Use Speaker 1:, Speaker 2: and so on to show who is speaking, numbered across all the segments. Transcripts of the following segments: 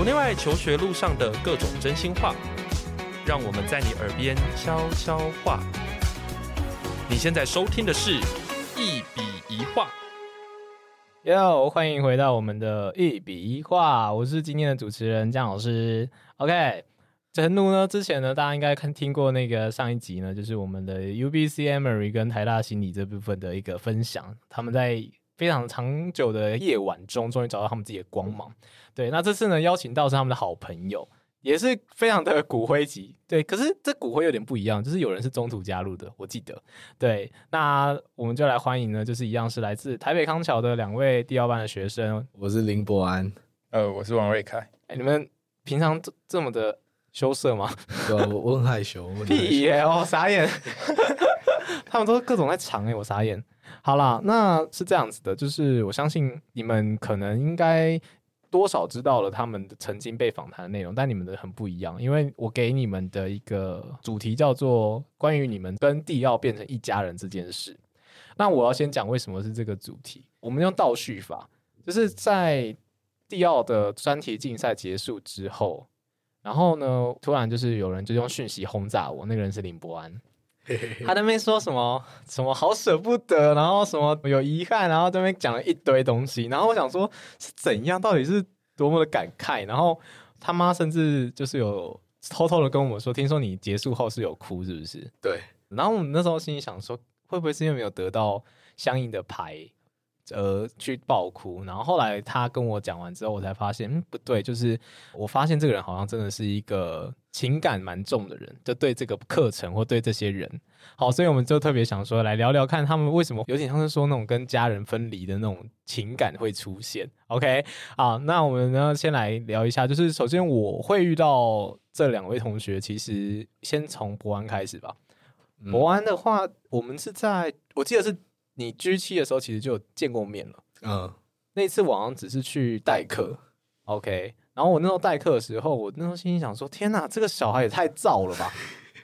Speaker 1: 國內外求學路上的各種真心話，讓我們在你耳邊悄悄話。你現在收聽的是一筆一畫。
Speaker 2: 喲，歡迎回到我們的《一筆一畫》，我是今天的主持人江老師。OK，在錄呢？之前呢，大家應該看聽過那個上一集呢，就是我們的 UBC、Emory 跟台大心理這部分的一個分享，他們在。非常長久的夜晚中，終於找到他們自己的光芒，嗯。對，那這次呢，邀請到是他們的好朋友，也是非常的骨灰級。對，可是這骨灰有點不一樣，就是有人是中途加入的。我記得，對，那我們就來歡迎呢，就是一樣是來自台北康橋的兩位第二班的學生。
Speaker 3: 我是林柏安，
Speaker 2: 呃，我是王睿鍇，欸。你們平常這，這麼的羞澀嗎？ 啊，我很害，害羞。屁耶，欸！我傻眼， 他們都各種在藏哎，欸，我傻眼。好啦，那是這樣子的，就是我相信你們可能應該多少知道了他們的曾經被訪談的內容，但你們的很不一樣，因為我給你們的一個主題叫做關於你們跟地奧變成一家人這件事。那我要先講為什麼是這個主題，我們用倒敘法，就是在地奧的專題競賽結束之後，然後呢，突然就是有人就用訊息轟炸我，那個人是林柏安。嘿嘿嘿。他在那邊說什麼什麼好捨不得，然後什麼有遺憾，然後這邊講了一堆東西，然後我想說是怎樣，到底是多麼的感慨？然後他媽甚至就是有偷偷的跟我們說，聽說你結束後是有哭，是不是？對。然後我們那時候心裡想說，會不會是因為沒有得到相應的牌？呃，去爆哭，然後後來他跟我講完之後，我才發現，嗯，不對，就是我發現這個人好像真的是一個情感蠻重的人，就對這個課程或對這些人，好，所以我們就特別想說，來聊聊看他們為什麼有點像是說那種跟家人分離的那種情感會出現。OK，好，那我們呢先來聊一下，就是首先我會遇到這兩位同學，其實先從柏安開始吧。柏安的話，我們是在我記得是。你 G7 的時候，其實就見過面了。嗯，那一次晚上只是去代課。OK，然後我那時候代課的時候，我那時候心裡想說：“天哪，這個小孩也太躁了吧！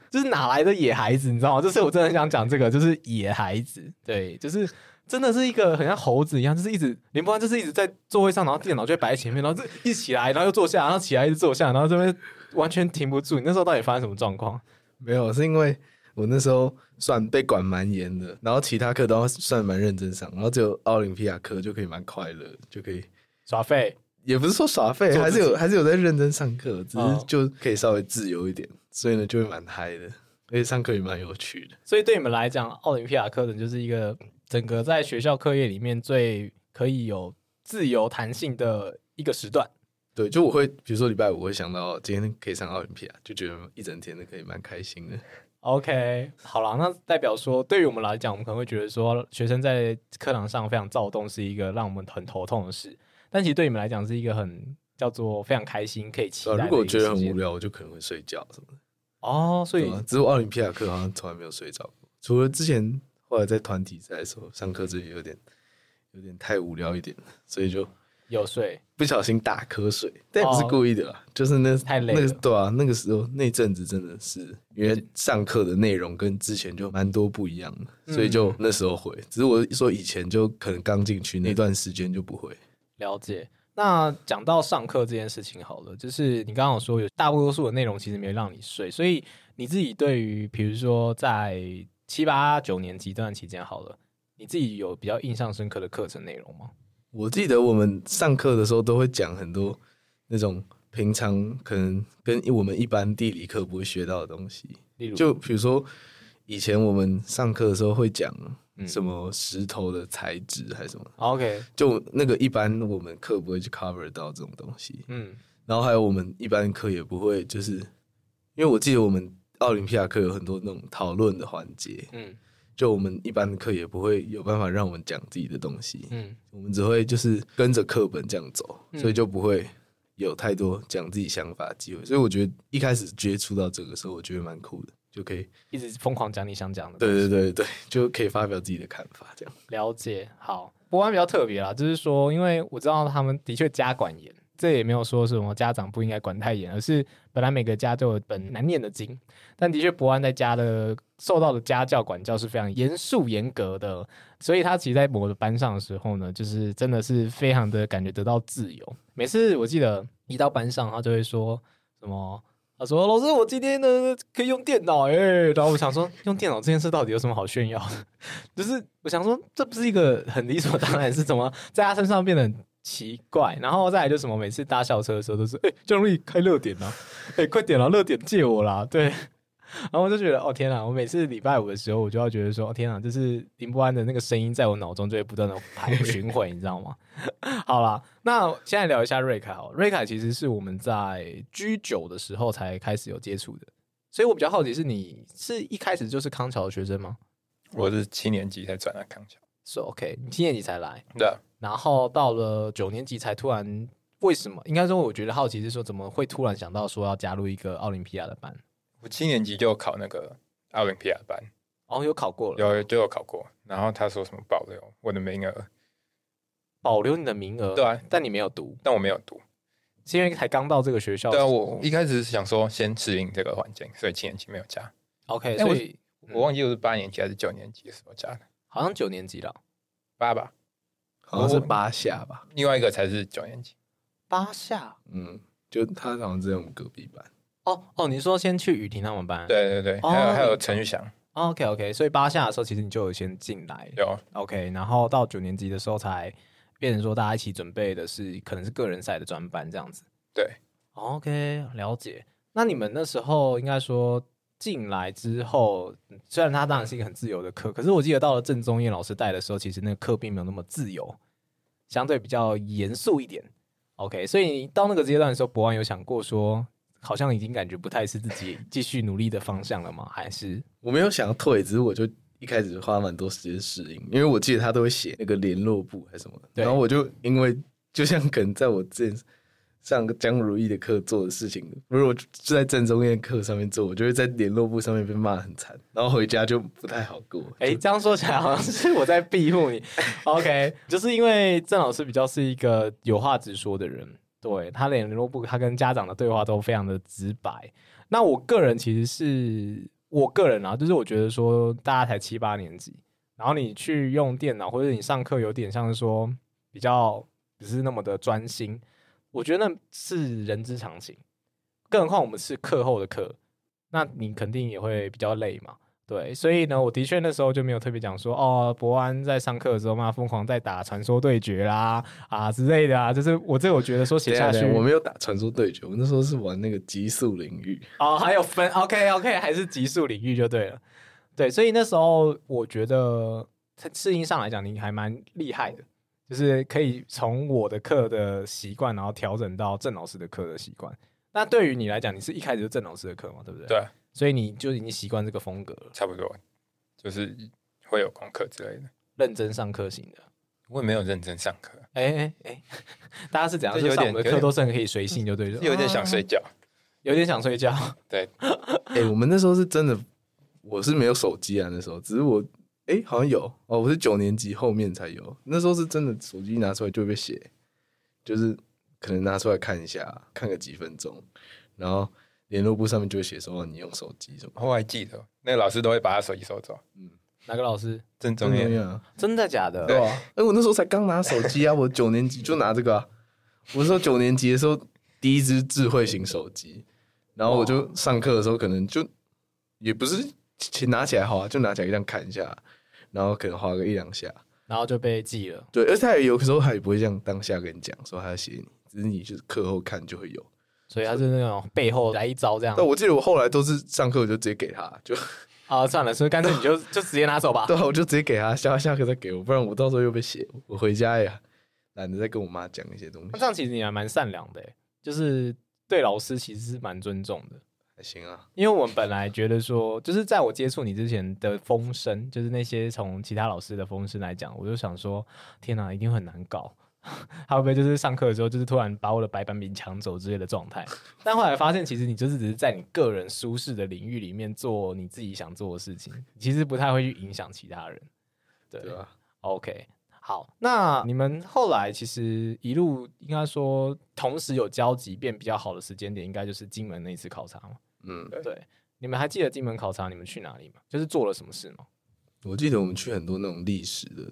Speaker 2: 就是哪來的野孩子？你知道嗎？就是我真的很想講這個，就是野孩子。 對，就是真的是一個很像猴子一樣，就是一直林柏安，就是一直在座位上，然後電腦就擺在前面，然後就一起來，然後又坐下，然後起來，一直坐下，然後這邊完全停不住。你那時候到底發生什麼狀況？
Speaker 3: 沒有，是因為……我那時候算被管蠻嚴的，然後其他課都算蠻認真上，然後只有奧林匹亞課就可以蠻快樂，就可以耍廢，也不是說耍廢，還是有還是有在認真上課，只是就可以稍微自由一點，哦，所以呢就會蠻嗨的，而且上課也蠻有趣的。所以對你們來講，奧林匹亞課
Speaker 2: 程就是一個整個在學校課業裡面最可以有自由彈性
Speaker 3: 的一個時段。對，就我會比如說禮拜五會想到今天可以上奧林匹亞，就覺得一整天都可以蠻開心的。OK，好了，那代表說，對於我們來講，我們可
Speaker 2: 能會覺得說，學生在課堂上非常躁動，是一個讓我們很頭痛的事。但其實對你們來講，是一個很叫做非常開心可以期待、啊。如果覺得很無
Speaker 3: 聊，我就可能會睡覺什麼的。哦、oh,，所以、啊、只有奧林匹亞課好像從來沒有睡著過， 除了之前後來在團體賽的時候上課，這裡有點有點太無聊一點，所以就。有睡，不小心打瞌睡，但不是，是故意的，哦、就是那太累了那個對啊，那個時候那陣子真的是因為上課的內容跟之前就蠻多不一樣的、嗯，所以就那時候會。只是我說以前就可能剛進去那段時間就不會
Speaker 2: 了解。那講到上課這件事情好了，就是你剛剛有說有大多數的內容其實沒有讓你睡，所以你自己對於比如說在七八九年級這段期間好了，你自己有比較印象深刻的課程內容嗎？
Speaker 3: 我記得我們上課的時候都會講很多那種平常可能跟我們一般地理課不會學到的東西，例如就比如說以前我們上課的時候會講什麼石頭的材質還是什麼，OK，嗯，就那個一般我們課不會去 cover 到這種東西，嗯，然後還有我們一般課也不會，就是因為我記得我們奧林匹亞課有很多那種討論的環節，嗯。就我們一般的課也不會有辦法讓我們講自己的東西，嗯，我們只會就是跟着課本這樣走，嗯，所以就不會有太多講自己想法的機會。所以我覺得一開始接觸到這個時候，我覺得蠻酷的，就可以一直瘋狂講你想講的，對對對對，就可以發表自己的看法這樣。
Speaker 2: 了解，好，不過柏安比較特別啦，就是說，因為我知道他們的確家管嚴。這也沒有說什麼家長不應該管太嚴，而是本來每個家都有本難念的經。但的確，柏安在家的受到的家教管教是非常嚴肅嚴格的，所以他其實在我的班上的時候呢，就是真的是非常的感覺得到自由。每次我記得一到班上，他就會說什麼：“他說老師，我今天呢可以用電腦。”哎，然後我想說，用電腦這件事到底有什麼好炫耀的？就是我想說，這不是一個很理所當然，是怎麼在他身上變得？奇怪，然後再來就什麼，每次搭校車的時候都是，哎、欸，就容易開熱點了、啊，哎、欸，快點了、啊，熱點借我啦，對。然後我就覺得，哦天啊，我每次禮拜五的時候，我就要覺得說，哦、天啊，就是林柏安的那個聲音在我腦中就會不斷的循環， 你知道嗎？好啦，那現在聊一下瑞凱哦，瑞凱其實是我們在 G9 的時候才開始有接觸的，所以我比較好奇是你是一開始就是康橋的學生嗎？我是七年級才轉到康橋，是、so, OK，你七年級才來，對、yeah.。然後到了九年級才突然，為什麼？應該說，我覺得好奇是說，怎麼會突然想到說要加入一個奧林匹亞的班？
Speaker 1: 我七年級就考那個奧林匹亞班，哦，有考過了，有就有考過。然後他說什麼保留我的名額，保留你的名額？對啊，但你沒有讀，但我沒有讀，是因為才剛到這個學校。對啊，我一開始是想說先適應這個環境，所以七年級沒有加。OK，欸，所以我，嗯，我忘記我是八年級還是九年級什麼加的，好像九年級了，八吧。好像是八下吧，另外一個才是九年級。
Speaker 2: 八下，
Speaker 1: 嗯，就他好像在我們隔壁班。
Speaker 2: 哦哦，你說先去雨婷他們班？
Speaker 1: 對對對，哦、還有還有陳玉祥。
Speaker 2: OK OK，所以八下的時候，其實你就有先進來。有。OK，然後到九年級的時候，才變成說大家一起準備的是可能是個人賽的專班這樣子。對，OK，了解。那你們那時候應該說。進來之後，雖然他當然是一個很自由的課，可是我記得到了鄭宗彥老師帶的時候，其實那個課並沒有那麼自由，相對比較嚴肅一點。OK，所以到那個階段的時候，柏安有想過說，好像已經感覺不太是自己繼續努力的方向了嗎？還是
Speaker 3: 我沒有想要退，只是我就一開始花蠻多時間適應，因為我記得他都會寫那個聯絡簿還是什麼，然後我就因為就像可能在我之前。上江如意的課做的事情，如果就在鄭中艷課上面做，我就會在聯絡部上面被罵得很慘，然後回家就不太好過。哎、欸，這樣說起來好像
Speaker 2: 是我在庇護你。 OK，就是因為鄭老師比較是一個有話直說的人，對，他聯絡部，他跟家長的對話都非常的直白。那我個人其實是我個人啊，就是我覺得說大家才七八年級，然後你去用電腦或者你上課有點像是說比較不是那麼的專心。我覺得那是人之常情，更何況我們是課後的課，那你肯定也會比較累嘛，對，所以呢，我的確那時候就沒有特別講說，哦，柏安在上課的時候嘛，瘋狂在打傳說對決啦啊之類的啊，就是我這我覺得說寫下去，下我沒有
Speaker 3: 打傳說對決，我那時候是玩那個極速領域，哦，還有
Speaker 2: 分 ，OK OK，還是極速領域就對了，對，所以那時候我覺得事實上來講，你還蠻厲害的。就是可以從我的課的習慣，然後調整到鄭老師的課的習慣。那對於你來講，你是一開始就鄭老師的課嘛？對不對？對，所以你就已經習慣這個風格了。差不多，就是會有功課之類的，認真上課型的。我也沒有認真上課。哎、欸、哎、欸，大家是怎樣？就有點是上我們的課都是
Speaker 3: 很可以隨性，就對就有點想睡覺、啊，
Speaker 2: 有點想睡覺。
Speaker 3: 對，哎、 欸，我們那時候是真的，我是沒有手機啊，那時候只是我。哎、欸，好像有哦，我是九年級後面才有。那時候是真的，手機拿出來就會被寫，就是可能拿出來看一下，看個幾分鐘，然後聯絡簿上面就寫說、啊、你用手機什麼，
Speaker 1: 後我還記得那個老師都會把他手機收走。嗯，哪個老師？鄭中元、啊？
Speaker 3: 真的假的？對啊，哎、欸，我那時候才剛拿手機啊，我九年級就拿這個、啊， 我是說九年級的時候第一支智慧型手機， 然後我就上課的時候可能就也不是請拿起來好啊，就拿起來這樣看一下。然後可能劃個一兩下，
Speaker 2: 然後就被記了。對，
Speaker 3: 而且他也有時候他也不會這樣當下跟你講，說他要寫你，只是你就是課後看就會有。
Speaker 2: 所以他是那種背後來一招這樣。但我記得我
Speaker 3: 後來都是上課我就直接給他，
Speaker 2: 就啊算了，所以乾脆你就 就，就直接拿走吧。 對、啊，我就
Speaker 3: 直接給他，下下課再給我，不然我到時候又被寫。我回家也懶得再跟我媽講一些東西。那這
Speaker 2: 樣其實你還蠻善良的，就是對老師其實是蠻尊重的。行啊，因為我們本來覺得說，就是在我接觸你之前的風聲，就是那些從其他老師的風聲來講，我就想說，天哪、啊，一定很難搞，還有沒有就是上課的時候，就是突然把我的白板筆搶走之類的狀態？ 但後來發現，其實你就是只是在你個人舒適的領域裡面做你自己想做的事情，其實不太會去影響其他人。對，對啊，OK，好，那你們後來其實一路應該說同時有交集，變比較好的時間點，應該就是金門那一次考察嘛。嗯，對，你們還記得金門考察你們去哪裡嗎？
Speaker 3: 就是做了什麼事嗎？我記得我們去很多那種歷史的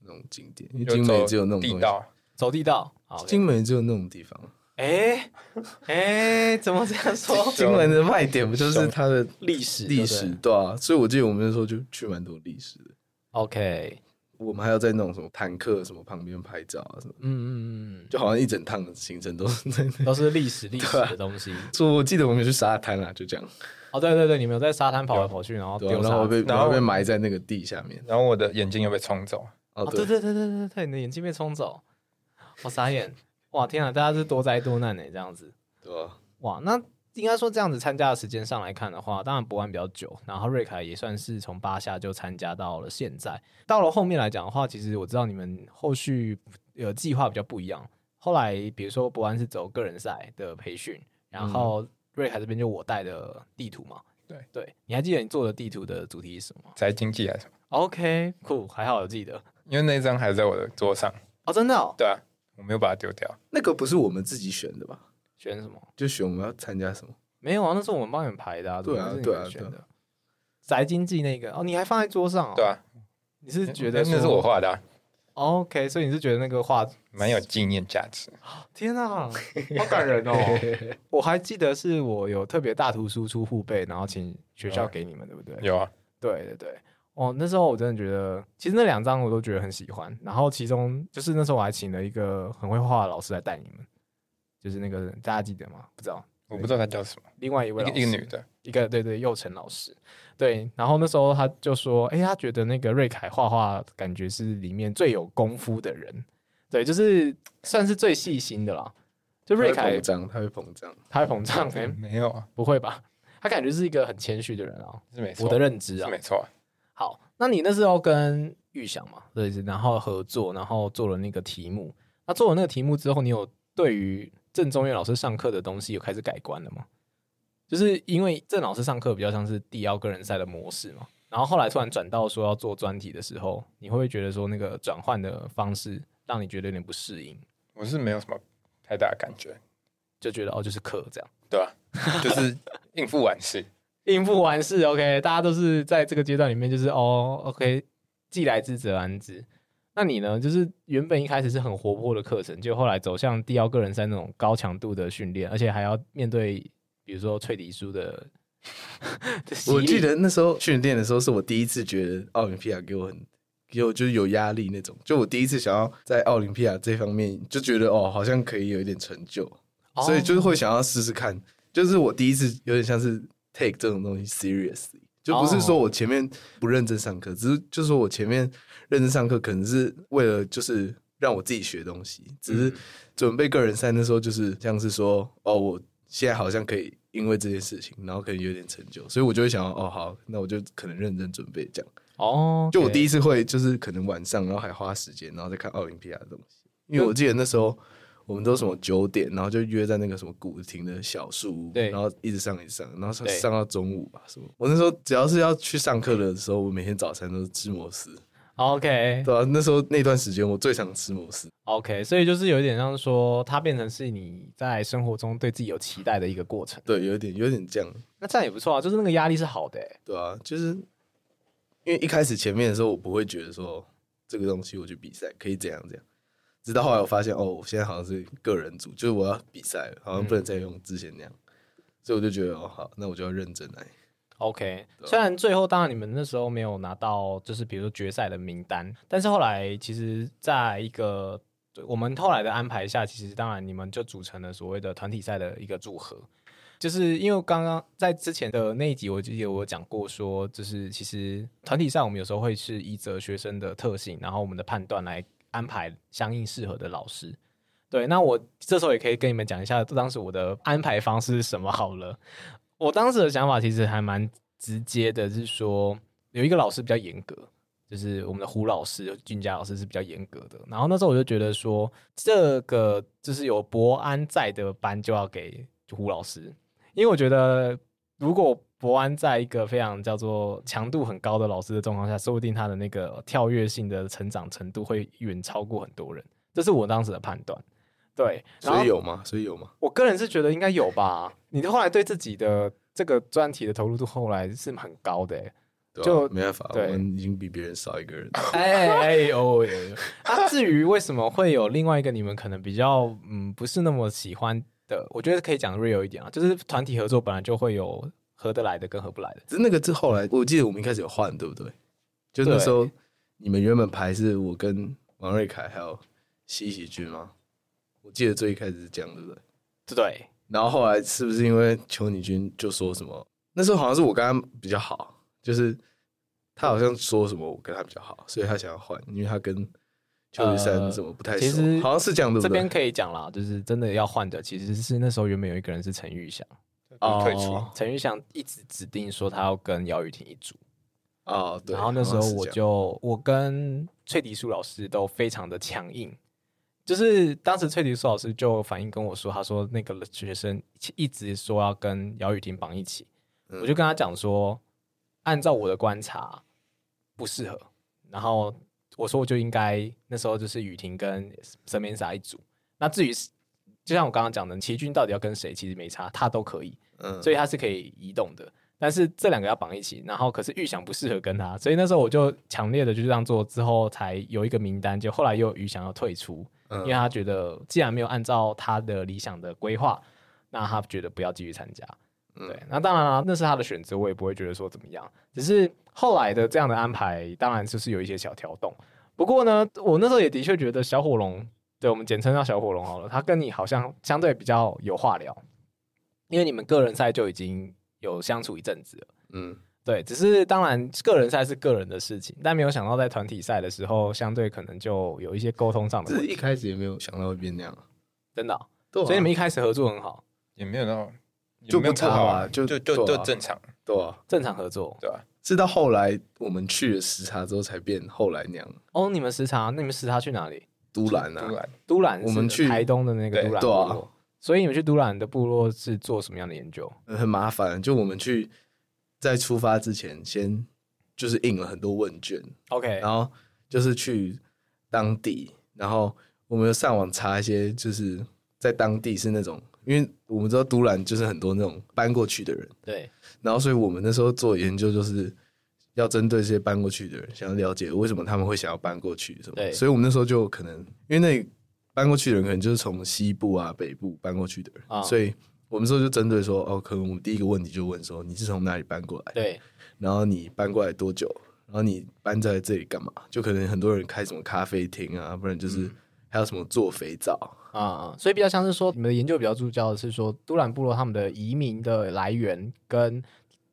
Speaker 3: 那種景點，因為金門只有那種地道，走地道。金門只有那種地方，
Speaker 2: 哎哎、okay 欸欸，怎麼這樣說？ 金門的賣點不
Speaker 3: 就是它的歷史歷史對吧、啊？所以，我記得我們那時候就去蠻多歷史的。OK。我們還要在那種什麼坦克什麼旁邊拍照啊什麼，嗯嗯嗯，就好像一整趟的行程都
Speaker 2: 是 都是歷史歷史的東西、
Speaker 3: 啊。所以我記得我們有去沙灘了、啊，就這樣。
Speaker 2: 哦對對對，你們有在沙灘跑來跑去，然後然、啊、然後，被，然後被埋
Speaker 3: 在那個地下面，然後我的
Speaker 1: 眼鏡又被沖走。哦對對
Speaker 2: 對對對對，你的眼鏡被沖走，好、哦、傻眼！ 哇天啊，大家是多災多難呢、欸、這樣子。對、啊。哇那。應該說這樣子參加的時間上來看的話，當然柏安比較久，然後睿鍇也算是從八下就參加到了現在。到了後面來講的話，其實我知道你們後續有計劃比較不一樣。後來比如說柏安是走個人賽的培訓，然後睿鍇這邊就我帶的地圖嘛。嗯、對對，
Speaker 1: 你還記得你做的地圖的主題是什麼？宅經濟還是什麼？OK，cool，、okay, 還好我記得，因為那張還在我的桌上哦，oh, 真的、哦。對啊，我沒有把它丟掉。
Speaker 3: 那個不是我們自己選的吧？選什麼？就選我們要參加什麼。
Speaker 1: 沒有啊，那是我們幫、啊啊、你們排的。
Speaker 2: 對啊，對啊，對啊。宅經濟那個哦，你還放在桌上哦？
Speaker 1: 對啊。你是覺得那是我畫的、啊、？OK，所以你是覺得那個畫蠻有紀念價值？
Speaker 2: 天啊，好感人哦！ 我還記得是我有特別大圖輸出護貝，然後請學校給你們，對不對？有啊，對對對。哦，那時候我真的覺得，其實那兩張我都覺得很喜歡。然後其中就是那時候我還請了一個很會畫的老師來帶你們。就是那個大家記得嗎？不知道，我不知道他叫什麼。另外一位一個，一個女的，一個對，對對，佑成老師，對。然後那時候他就說：“哎、欸，他覺得那個睿鍇畫畫，感覺是裡面最有功夫的人，對，就是算是最細心的啦。”就睿鍇膨脹，他會膨脹，他會膨脹、欸？沒有啊，不會吧？他感覺是一個很謙虛的人啊、喔，是沒錯，我的認知、喔、是啊，沒錯。好，那你那時候跟裕翔嘛，對，然後合作，然後做了那個題目。那、啊、做了那個題目之後，你有對於鄭中岳老師上課的東西有開始改觀了嗎？就是因為鄭老師上課比較像是地奧個人賽的模式嘛，然後後來突然轉到說要做專題的時候，你會不會覺得說那個轉換的方式讓你覺得有點不適應？我是沒有什麼
Speaker 1: 太大的感覺，就覺得哦，就是課這樣，對吧、啊？就是應付完事，
Speaker 2: 應付完事。OK，大家都是在這個階段裡面，就是哦，OK，既來之則安之。那你呢？就是原本一開始是很活潑的課程，就後來走向第二個人在那種高強度的訓練，而且還要面對，比如說翠迪叔的， 的。我記得那
Speaker 3: 時候訓練的時候，是我第一次覺得奧林匹亞給我很，給我就是有壓力那種。就我第一次想要在奧林匹亞這方面，就覺得哦，好像可以有一點成就，oh. 所以就是會想要試試看。就是我第一次有點像是 take 這種東西 seriously。就不是說我前面不認真上課，oh. 只是就是說我前面認真上課，可能是為了就是讓我自己學東西。嗯，只是準備個人賽的時候，就是像是說哦，我現在好像可以因為這件事情，然後可以有點成就，所以我就會想哦，好，那我就可能認真準備這樣。
Speaker 2: 哦，oh, okay. 就我第一
Speaker 3: 次會就是可能晚上，然後還花時間，然後再看奧林匹亞的東西，
Speaker 2: 因為我記
Speaker 3: 得那時候。嗯我們都什麼九點，然後就約在那個什麼古亭的小樹屋，對，然後一直上一直上，然後上上到中午吧，什麼？我那時候只要是要去上課的時候，okay. 我每天早餐都是吃摩斯，OK，對啊，那時候那段時間我最想吃摩斯，OK，
Speaker 2: 所以就是有一點像說，它變成是你在生活中對自己有期待的一個過程，對，有一點有一點這樣，那這樣也不錯啊，就是那個壓力是好的欸，
Speaker 3: 對啊，就是因為一開始前面的時候，我不會覺得說這個東西我去比賽可以怎樣怎樣。直到後來我發現，哦，我現在好像是個人組，就是我要比賽，好像不能再用之前那樣、嗯，所以我就覺得，哦，好，那我就要認真來。OK，、啊、雖
Speaker 2: 然最後當然你們那時候沒有拿到，就是比如說決賽的名單，但是後來其實，在一個對我們後來的安排下，其實當然你們就組成了所謂的團體賽的一個組合，就是因為剛剛在之前的那一集，我記得我有講過說，就是其實團體賽我們有時候會是依著學生的特性，然後我們的判斷來。安排相應適合的老師，對，那我這時候也可以跟你們講一下當時我的安排方式是什麼？好了，我當時的想法其實還蠻直接的，是說有一個老師比較嚴格，就是我們的胡老師、君佳老師是比較嚴格的。然後那時候我就覺得說，這個就是有柏安在的班就要給就胡老師，因為我覺得如果。柏安在一個非常叫做強度很高的老師的狀況下，說不定他的那個跳躍性的成長程度會遠超過很多人，這是我當時的判斷。對，所以有
Speaker 3: 嗎？所以有嗎？我個人是覺得應該有吧。
Speaker 2: 你後來對自己的這個專題的投入度後來是蠻高的、啊，就
Speaker 3: 沒辦法，我們已經比別人少一個人
Speaker 2: 哎。哎哎哦，他、 啊、至於為什麼會有另外一個你們可能比較嗯不是那麼喜歡的，我覺得可以講 real 一點啊，就是團體合作本來就會有。合得
Speaker 3: 來的跟合不來的，其實那個是後來我記得我們一開始有換，對不對？就那時候你們原本排是我跟王瑞凱還有西喜君嗎？我記得最一開始是這樣的，對不對？對。然後後來是不是因為邱女君就說什麼？那時候好像是我跟他比較好，就是他好像說什麼我跟他比較好，所以他想要換，因為他跟邱玉山什麼不太熟，呃、好像是這樣。對對這邊
Speaker 2: 可以講啦，就是真的要換的其實是那時候原本有一個人是陳玉祥。哦，陳玉祥一直指定說他要跟姚雨婷一組啊，然後那時候我就我跟翠迪蘇老師都非常的強硬，就是當時翠迪蘇老師就反映跟我說，他說那個學生一直說要跟姚雨婷綁一起，我就跟他講說，按照我的觀察不適合，然後我說我就應該那時候就是雨婷跟沈明莎一組，那至於就像我剛剛講的齊軍到底要跟誰，其實沒差，他都可以。嗯，所以他是可以移動的，但是這兩個要綁一起，然後可是預想不適合跟他，所以那時候我就強烈的就這樣做，之後才有一個名單，就後來又預想要退出、嗯，因為他覺得既然沒有按照他的理想的規劃，那他覺得不要繼續參加、嗯，對，那當然了、啊，那是他的選擇，我也不會覺得說怎麼樣，只是後來的這樣的安排，當然就是有一些小調動，不過呢，我那時候也的確覺得小火龍，對我們簡稱叫小火龍好了，他跟你好像相對比較有話聊。因為你們個人賽就已經有相處一陣子了，嗯，對，只是當然個人賽是個人的事情，但沒有想到在團體賽的時候，相對可能就有一些溝通上的。就是一開始也沒有想到會變那樣、啊，
Speaker 1: 真的、喔對啊，
Speaker 2: 所以你們一開始合作很好，
Speaker 1: 也沒有到
Speaker 2: 就沒有差，就、啊、
Speaker 3: 就就，就正常，對、啊，正常合作，對、啊。直到後來我們去了時差之後，才變後來那樣。
Speaker 2: 哦，你們時差？那你們時差去哪裡？
Speaker 3: 都蘭啊，都
Speaker 2: 蘭，我們去台東
Speaker 3: 的那個對都蘭部落所以你們去都蘭的部落是做什麼樣的研究？很麻煩，就我們去在出發之前，先就是印了很多問卷，OK，然後就是去當地，然後我們有上網查一些，就是在當地是那種，因為我們知道都蘭就是很多那種搬過去的人，對，然後所以我們那時候做研究就是要針對這些搬過去的人，想要了解為什麼他們會想要搬過去，什麼，對，所以我們那時候就可能因為那。搬過去的人可能就是從西部啊、北部搬過去的人，嗯、所以我們說就針對說，哦，可能我們第一個問題就問說你是從哪裡搬過來？對，然後你搬過來多久？然後你搬在這裡幹嘛？就可能很多人開什麼咖啡廳啊，不然就是還有什麼做肥皂啊、嗯嗯嗯嗯嗯嗯嗯
Speaker 2: 嗯。所以比較像是說，你們的研究比較聚焦的是說，都蘭部落他們的移民的來源跟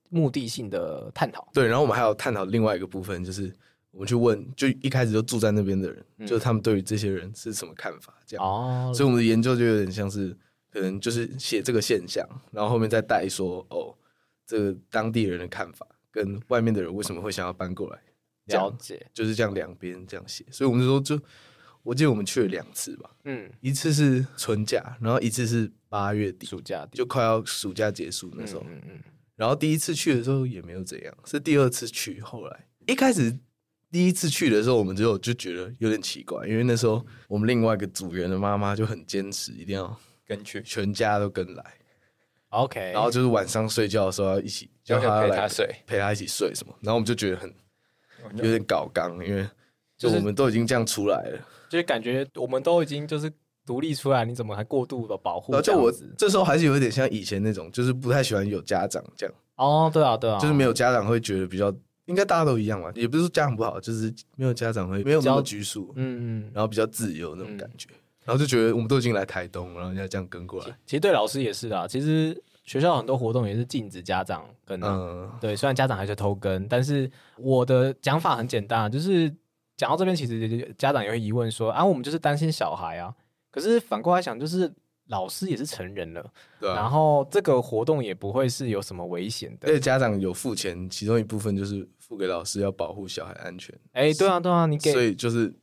Speaker 2: 目的性的探
Speaker 3: 討。對，然後我們還有探討另外一個部分就是。我們去問，就一開始就住在那邊的人，嗯、就是他們對於這些人是什麼看法，這樣。哦。所以我們的研究就有點像是，可能就是寫這個現象，然後後面再帶說，哦，這個當地人的看法跟外面的人為什麼會想要搬過來，了解，就是這樣兩邊這樣寫。所以我們就說就，就我記得我們去了兩次吧，嗯，一次是春假，然後一次是八月底，暑假就快要暑假結束那時候，嗯嗯，嗯。然後第一次去的時候也沒有怎樣，是第二次去，後來一開始。第一次去的時候，我們就我就覺得有點奇怪，因為那時候我們另外一個組員的媽媽就很堅持，一定要跟去，全家都跟來，OK。然後就是晚上睡覺的時候要一起，要陪他睡，陪他一起睡什麼。然後我們就覺得很有點搞剛，因為就、就是、我們都已經這樣出來了，
Speaker 2: 就是感覺我們都已經就是獨立出來，你怎麼還過度的保護？然後就我
Speaker 3: 這時候還是有點像以前那種，就是不太喜歡有家長這
Speaker 2: 樣。哦、oh，對啊，對啊，就是沒有
Speaker 3: 家長會覺得比較。應該大家都一樣吧，也不是說家長不好，就是沒有家長會沒有那麼拘束，
Speaker 2: 嗯，
Speaker 3: 嗯，然後比較自由那種感覺，嗯，然後就覺得我們都已經來台東，然
Speaker 2: 後人家這樣跟過來，其實對老師也是啊，其實學校很多活動也是禁止家長跟，啊，嗯，對，雖然家長還是偷跟，但是我的講法很簡單啊，就是講到這邊，其實家長也會疑問說啊，我們就是擔心小孩啊，可是反過來想就是。老師也是成人了，對啊，然後這個活動也不會是有什麼危險的。而且
Speaker 3: 家長有付錢，其中一部分就是付給老師要保護小孩安全。哎、欸，對啊，對啊，你給，所以就是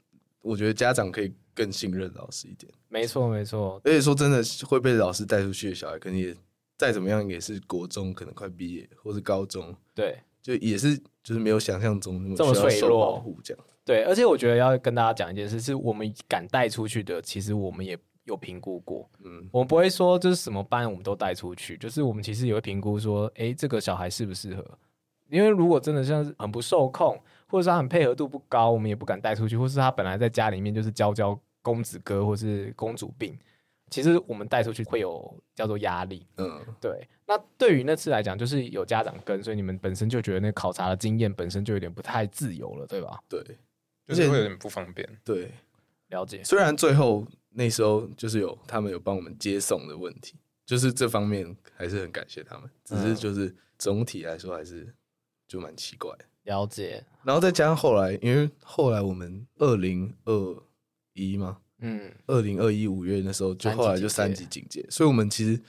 Speaker 3: 我覺得家長可以更信任老師一點。沒錯，沒錯。而且說真的，會被老師帶出去的小孩，可能也再怎麼樣也是國中，可能快畢業或是高中。對，就也是就是沒有想象中那麼需要受保護，這麼水弱，
Speaker 2: 這樣。對，而且我覺得要跟大家講一件事，是我們敢帶出去的，其實我們也。有評估過，嗯，我們不會說就是什麼班我們都帶出去，就是我們其實也會評估說，誒、欸，這個小孩適不適合？因為如果真的像是很不受控，或者說他很配合度不高，我們也不敢帶出去，或是他本來在家裡面就是嬌嬌公子哥或是公主病，其實我們帶出去會有叫做壓力，嗯，對。那對於那次來講，就是有家長跟，所以你們本身就覺得那考察的經驗本身就有點不太自由了，對吧？對，
Speaker 3: 就是會有點不方便，對。了解，雖然最後那時候就是有他們有幫我們接送的問題，就是這方面還是很感謝他們。只是就是總體來說還是就蠻奇怪，嗯。了解，然後再加上後來，因為後來我們二零二一嘛，嗯，二零二一五月那時候就後來就三級警戒，警戒。所以我們其實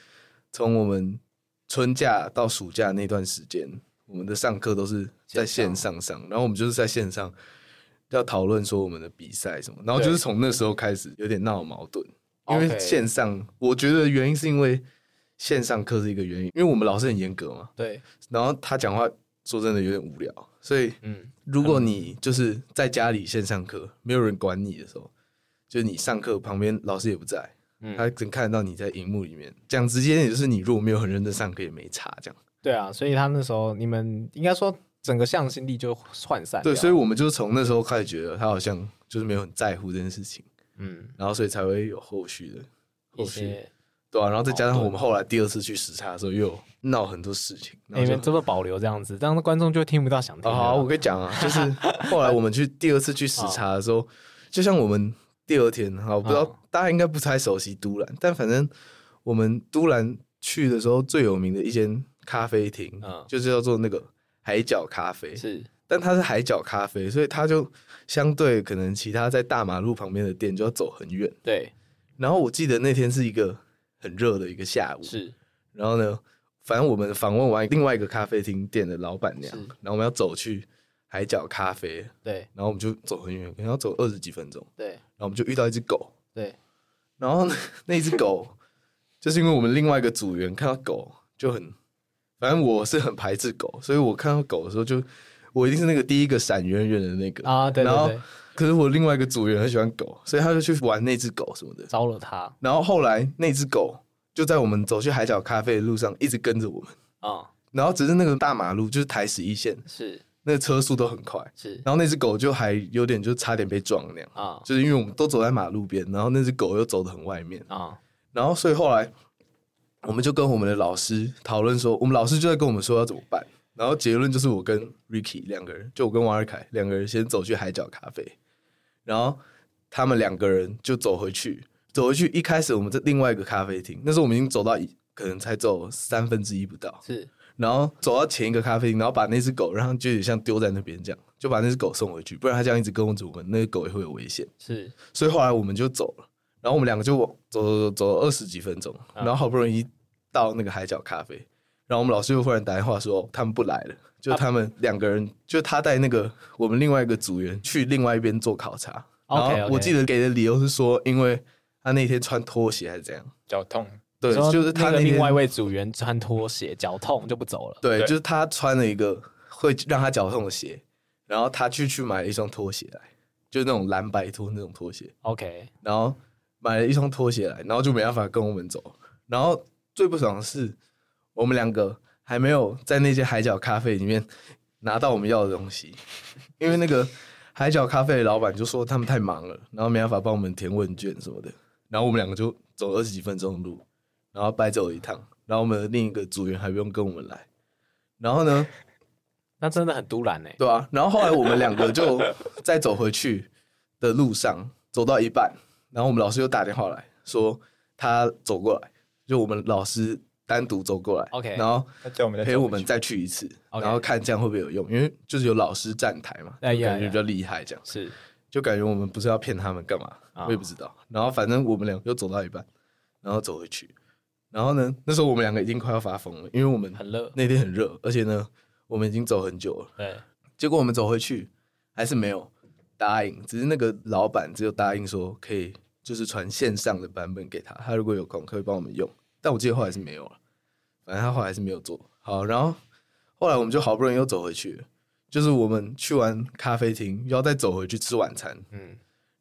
Speaker 3: 從我們春假到暑假那段時間，我們的上課都是在線上上，上，然後我們就是在線上。要討論說我們的比賽什麼，然後就是從那時候開始有點鬧矛盾，因為線上，我覺得原因是因為線上課是一個原因，因為我們老師很嚴格嘛，對。然後他講話說真的有點無聊，所以，嗯，如果你就是在家裡線上課，沒有人管你的時候，就是你上課旁邊老師也不在，他只能看得到你在螢幕裡面講。直接點，就是你如果沒有很認真上課也沒差，這樣。
Speaker 2: 對啊，所以他那時候你們應該說。整個向心力就渙散。對，所以
Speaker 3: 我們就從那時候開始覺得他好像就是沒有很在乎這件事情。嗯，然後所以才會有後續的後續，對啊，然後再加上我們後來第二次去視察的時候又鬧很多事情，哦欸、你們這麼保留這樣子，讓觀眾就聽不到想聽到、哦。好，我跟你講啊， 就是後來我們去第二次去視察的時候，就像我們第二天啊，我不知道、嗯、大家應該不太熟悉都蘭，但反正我們都蘭去的時候最有名的一間咖啡廳啊、嗯，就是叫做那個。海角咖啡是，但它是海角咖啡，所以它就相對可能其他在大馬路旁邊的店就要走很遠。對，然後我記得那天是一個很熱的一個下午，是。然後呢，反正我們訪問完另外一個咖啡廳店的老闆娘，然後我們要走去海角咖啡，對。然後我們就走很遠，可能要走二十幾分鐘。對。然後我們就遇到一隻狗，對。然後那隻狗， 就是因為我們另外一個組員看到狗就很。反正我是很排斥狗，所以我看到狗的時候就，我一定是那個第一個閃遠遠的那個啊，對對對。然後，可是我另外一個組員很喜歡狗，所以他就去玩那隻狗什麼的，招惹它。然後後來那隻狗就在我們走去海角咖啡的路上一直跟着我們啊、哦。然後只是那個大馬路就是台十一線，是那個車速都很快，是。然後那隻狗就還有點就差點被撞那樣啊、哦，就是因為我們都走在馬路邊，然後那隻狗又走得很外面啊、哦。然後所以後來。我們就跟我們的老師討論說，我們老師就在跟我們說要怎麼辦，然後結論就是我跟 Ricky 兩個人，就我跟睿鍇兩個人先走去海角咖啡，然後他們兩個人就走回去，走回去一開始我們在另外一個咖啡廳，那時候我們已經走到一，可能才走三分之一不到，是，然後走到前一個咖啡廳，然後把那隻狗，然後有點像丟在那邊這樣，就把那隻狗送回去，不然它這樣一直跟我，我們走，那個狗也會有危險，是，所以後來我們就走了。然後我們兩個就走走走走二十幾分鐘，啊，然後好不容易到那個海角咖啡，然後我們老師又忽然打電話說他們不來了，就他們兩個人，就他帶那個我們另外一個組員去另外一邊做考察。啊、然 k 我記得給的理由是說，因為他那天穿拖鞋還是怎樣，腳痛。對，就是他、那個、另外一位組員穿拖鞋腳痛就不走了。對，對就是他穿了一個會讓他腳痛的鞋，然後他去去買了一雙拖鞋來，就是那種藍白拖那種拖鞋。OK、啊、然後。買了一雙拖鞋來，然後就沒辦法跟我們走。然後最不爽的是，我們兩個還沒有在那些海角咖啡裡面拿到我們要的東西， 因為那個海角咖啡的老闆就說他們太忙了，然後沒辦法幫我們填問卷什麼的。然後我們兩個就走了十幾分鐘的路，然後白走了一趟。然後我們的另一個組員還不用跟我們來。然
Speaker 2: 後呢， 那真的很突然呢、欸。
Speaker 3: 對吧、啊？然後後來我們兩個就在走回去的路上，走到一半。然後我們老師又打電話來說，他走過來，就我們老師單獨走過來，OK，然後他叫我們陪我們再去一次，okay, 然後看這樣會不會有用，okay, 因為就是有老師站台嘛，啊、就感覺比較厲害，這樣是，yeah, yeah, yeah, 就感覺我們不是要騙他們幹嘛，我也不知道、哦。然後反正我們倆又走到一半，然後走回去，然後呢，那時候我們兩個已經快要發瘋了，因為我們很熱，那天很熱，而且呢，我們已經走很久了，對，結果我們走回去還是沒有。答應，只是那個老闆只有答應說可以，就是傳線上的版本給他。他如果有空，可以幫我們用。但我記得後來是沒有了，反正他後來是沒有做好。然後後來我們就好不容易又走回去了，就是我們去完咖啡廳，又要再走回去吃晚餐。嗯，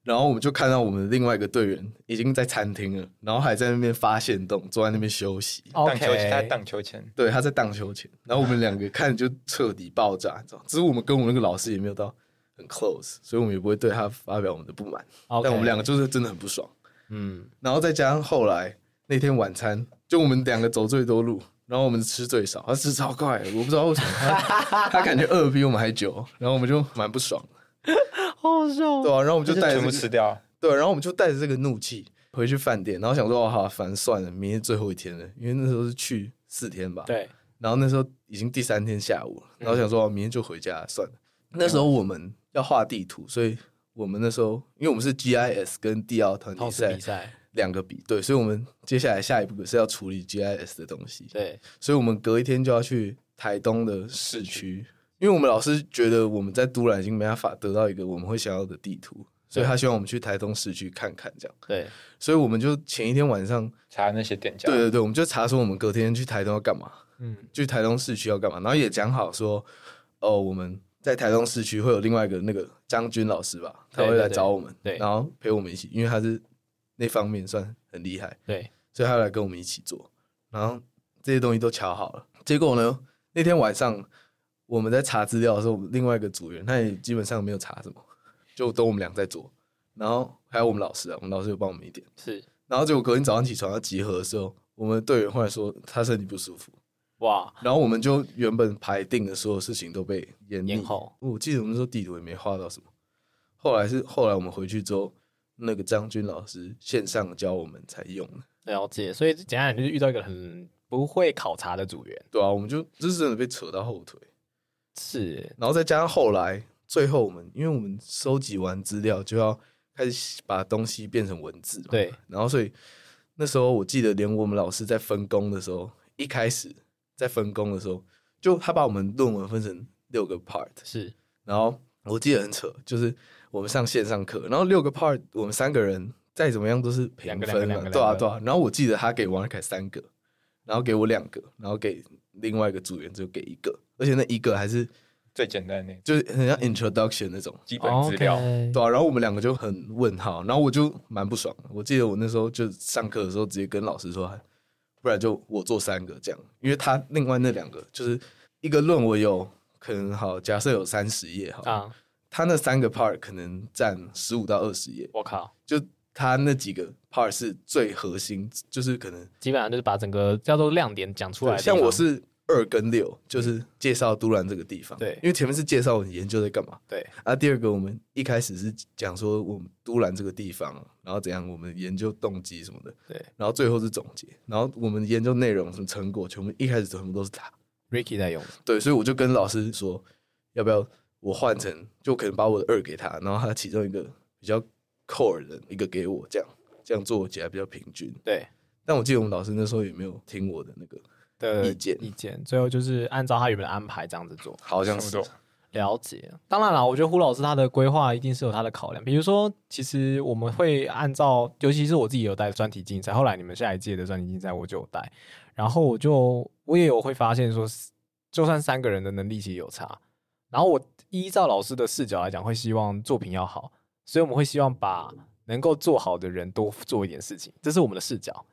Speaker 3: 然後我們就看到我們另外一個隊員已經在餐廳了，然後還在那邊發現洞，坐在那邊休息，盪秋千。他在
Speaker 1: 荡秋千，
Speaker 3: 對，他在荡秋千。然後我們兩個看就徹底爆炸， 你知道，只是我們跟我們那個老師也沒有到很 close，所以我們也不會對他發表我們的不滿。Okay. 但我們兩個就是真的很不爽，嗯，然後再加上後來那天晚餐，就我們兩個走最多路，然後我們吃最少，他吃超快的， 我不知道為什麼他， 他感覺餓比我們還久，然後我們就蠻不爽， 好好笑，對啊，然後我們就全部、這個、吃掉，啊，對，然後我們就帶着這個怒氣回去飯店，然後想說，哇，好煩，啊。反正算了，明天最後一天了，因為那時候是去四天吧，對，然後那時候已經第三天下午了，然後想說，嗯啊、明天就回家了算了，嗯，那時候我們。要畫地圖，所以我們那時候，因為我們是 GIS 跟地奧團體賽兩個比，對，所以我們接下來下一步是要處理 GIS 的東西，對，所以我們隔一天就要去台東的市區，因為我們老師覺得我們在都蘭已經沒辦法得到一個我們會想要的地圖，所以他希望我們去台東市區看看，這樣，對，所以我們就前一天晚上查那些點，對對對，我們就查說我們隔天去台東要幹嘛，嗯，去台東市區要幹嘛，然後也講好說，哦、呃，我們。在台中市區會有另外一個那個將軍老師吧，他會來找我們，對對對對，然後陪我們一起，因為他是那方面算很厲害，對，所以他要來跟我們一起做。然後這些東西都瞧好了，結果呢，那天晚上我們在查資料的時候，我們另外一個組員他也基本上沒有查什麼，就等我們倆在做。然後還有我們老師啊，我們老師有幫我們一點是。然後結果隔天早上起床要集合的時候，我們隊員後來說他身體不舒服。哇、wow,！然後我們就原本排定的所有事情都被延後。我、哦、記得我們說地圖也沒畫到什麼，後來是後來我們回去之後，那個張軍老師線上教我們才用的。了解，所以講下來，就是遇到一個很不會考察的組員。對啊，我們就就是被扯到後腿。是，然後再加上後來，最後我們因為我們收集完資料就要開始把東西變成文字嘛，對。然後所以那時候我記得連我們老師在分工的時候一開始。在分工的時候，就他把我們論文分成六個 part，是。然後我記得很扯，就是我們上線上課，然後六個 part，我們三個人再怎麼樣都是平分嘛、啊。對啊對啊，對啊，然後我記得他給王睿鍇三個，然後給我兩個，然後給另外一個組員就給一個，而且那一個還是最簡單的，就是很像 introduction 那種基本資料、okay，對啊，然後我們兩個就很問號，然後我就蠻不爽。我記得我那時候就上課的時候直接跟老師說。不然就我做三個這樣，因為他另外那兩個就是一個論文有可能好，假設有三十頁哈，啊，他那三個 part 可能占十五到二十頁。我靠，就他那幾個 part 是最核心，就是可能基本上就是把整個叫做亮點講出來的。像我是。二跟六就是介紹都蘭這個地方，對，因為前面是介紹我們研究在幹嘛，對，啊，第二個我們一開始是講說我們都蘭這個地方，然後怎樣我們研究動機什麼的，對，然後最後是總結，然後我們研究內容什麼成果，全部一開始全部都是他，Ricky 在用的，對，所以我就跟老師說，要不要我換成，就可能把我的二給他，然後他其中一個比較 core 的一個給我，這樣這樣做起來比較平均，對，但我記得我們老師那時候也沒有聽我的那個。的意見，意見，最後就是按照他原本的安排
Speaker 2: 這樣子做，好，這樣子做。
Speaker 3: 了解。
Speaker 2: 當然啦，我覺得胡老師他的規劃一定是有他的考量。比如說，其實我們會按照，尤其是我自己有帶專題競賽，後來你們下一屆的專題競賽我就帶，然後我就我也有會發現說，就算三個人的能力其實有差，然後我依照老師的視角來講，會希望作品要好，所以我們會希望把能夠做好的人多做一點事情，這是我們的視角。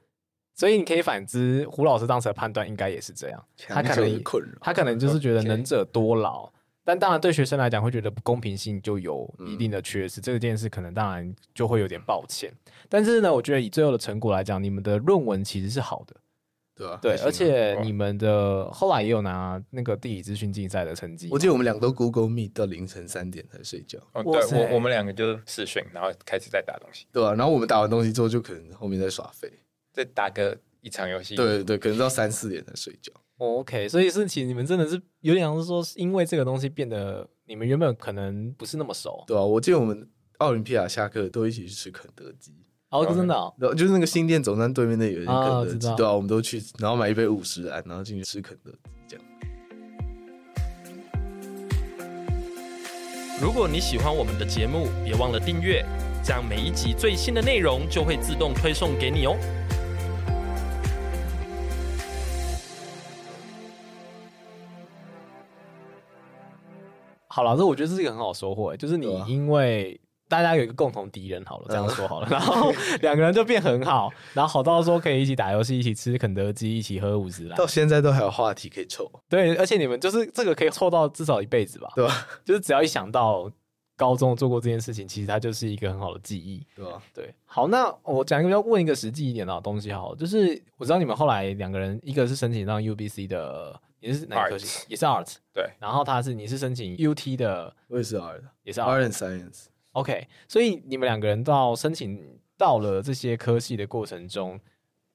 Speaker 2: 所以你可以反思胡老師當時的判斷應該也是這樣，他可能他可能就是覺得能者多勞，但當然對學生來講會覺得不公平性就有一定的缺失，嗯、這件事可能當然就會有點抱歉，嗯。但是呢，我覺得以最後的成果來講，你們的論文其實是好的，
Speaker 3: 對啊，對，而且
Speaker 2: 你們的後來也有拿那個地理資訊
Speaker 3: 競賽的成績。我記得我們兩個都 Google Meet 到凌晨三點才睡覺，哦，對我我們
Speaker 1: 兩個就視訊，然後開始在打東西，
Speaker 3: 對啊，然後我們打完東西之後，就可能後面再耍廢。再打個一場遊戲，對對，對可能要三四點才睡覺。
Speaker 1: oh, OK，所
Speaker 3: 以是其實你們真的是有點
Speaker 2: 像說，是說，因為這個東西變得你們原本可能不是那麼熟，
Speaker 3: 對啊。我記得我們奧林匹亞下課都一起去吃肯德基，哦、oh,，真、嗯、的，然後就是那個新店總站對面那有一個肯德基、oh, 啊，對啊，我們都去，然後買一杯五十來然後進去吃肯德基這樣。
Speaker 2: 如果你喜歡我們的節目，別忘了訂閱，這樣每一集最新的內容就會自動推送給你哦。好了，這我覺得是一個很好收穫，就是你因為大家有一個共同敵人好了、啊，這樣說好了，然後兩 個人就變很好，然後好到說可以一起打遊戲，一起吃肯德基，一起喝五十嵐，到現在都還有話題可以湊。對，而且你們就是這個可以湊到至少一輩子吧，對吧、啊？就是只要一想到高中做過這件事情，其實它就是一個很好的記憶，對吧、啊？對。好，那我講一個要問一個實際一點的東西，好了，就是我知道你們後來兩個人一個是申請到 U B C 的。也是哪科系？Art, 也是 Art 對，然後他是你是申請 U T 的，我也是 Art 也是 arts and science。OK，所以你們兩個人到申請到了這些科系的過程中，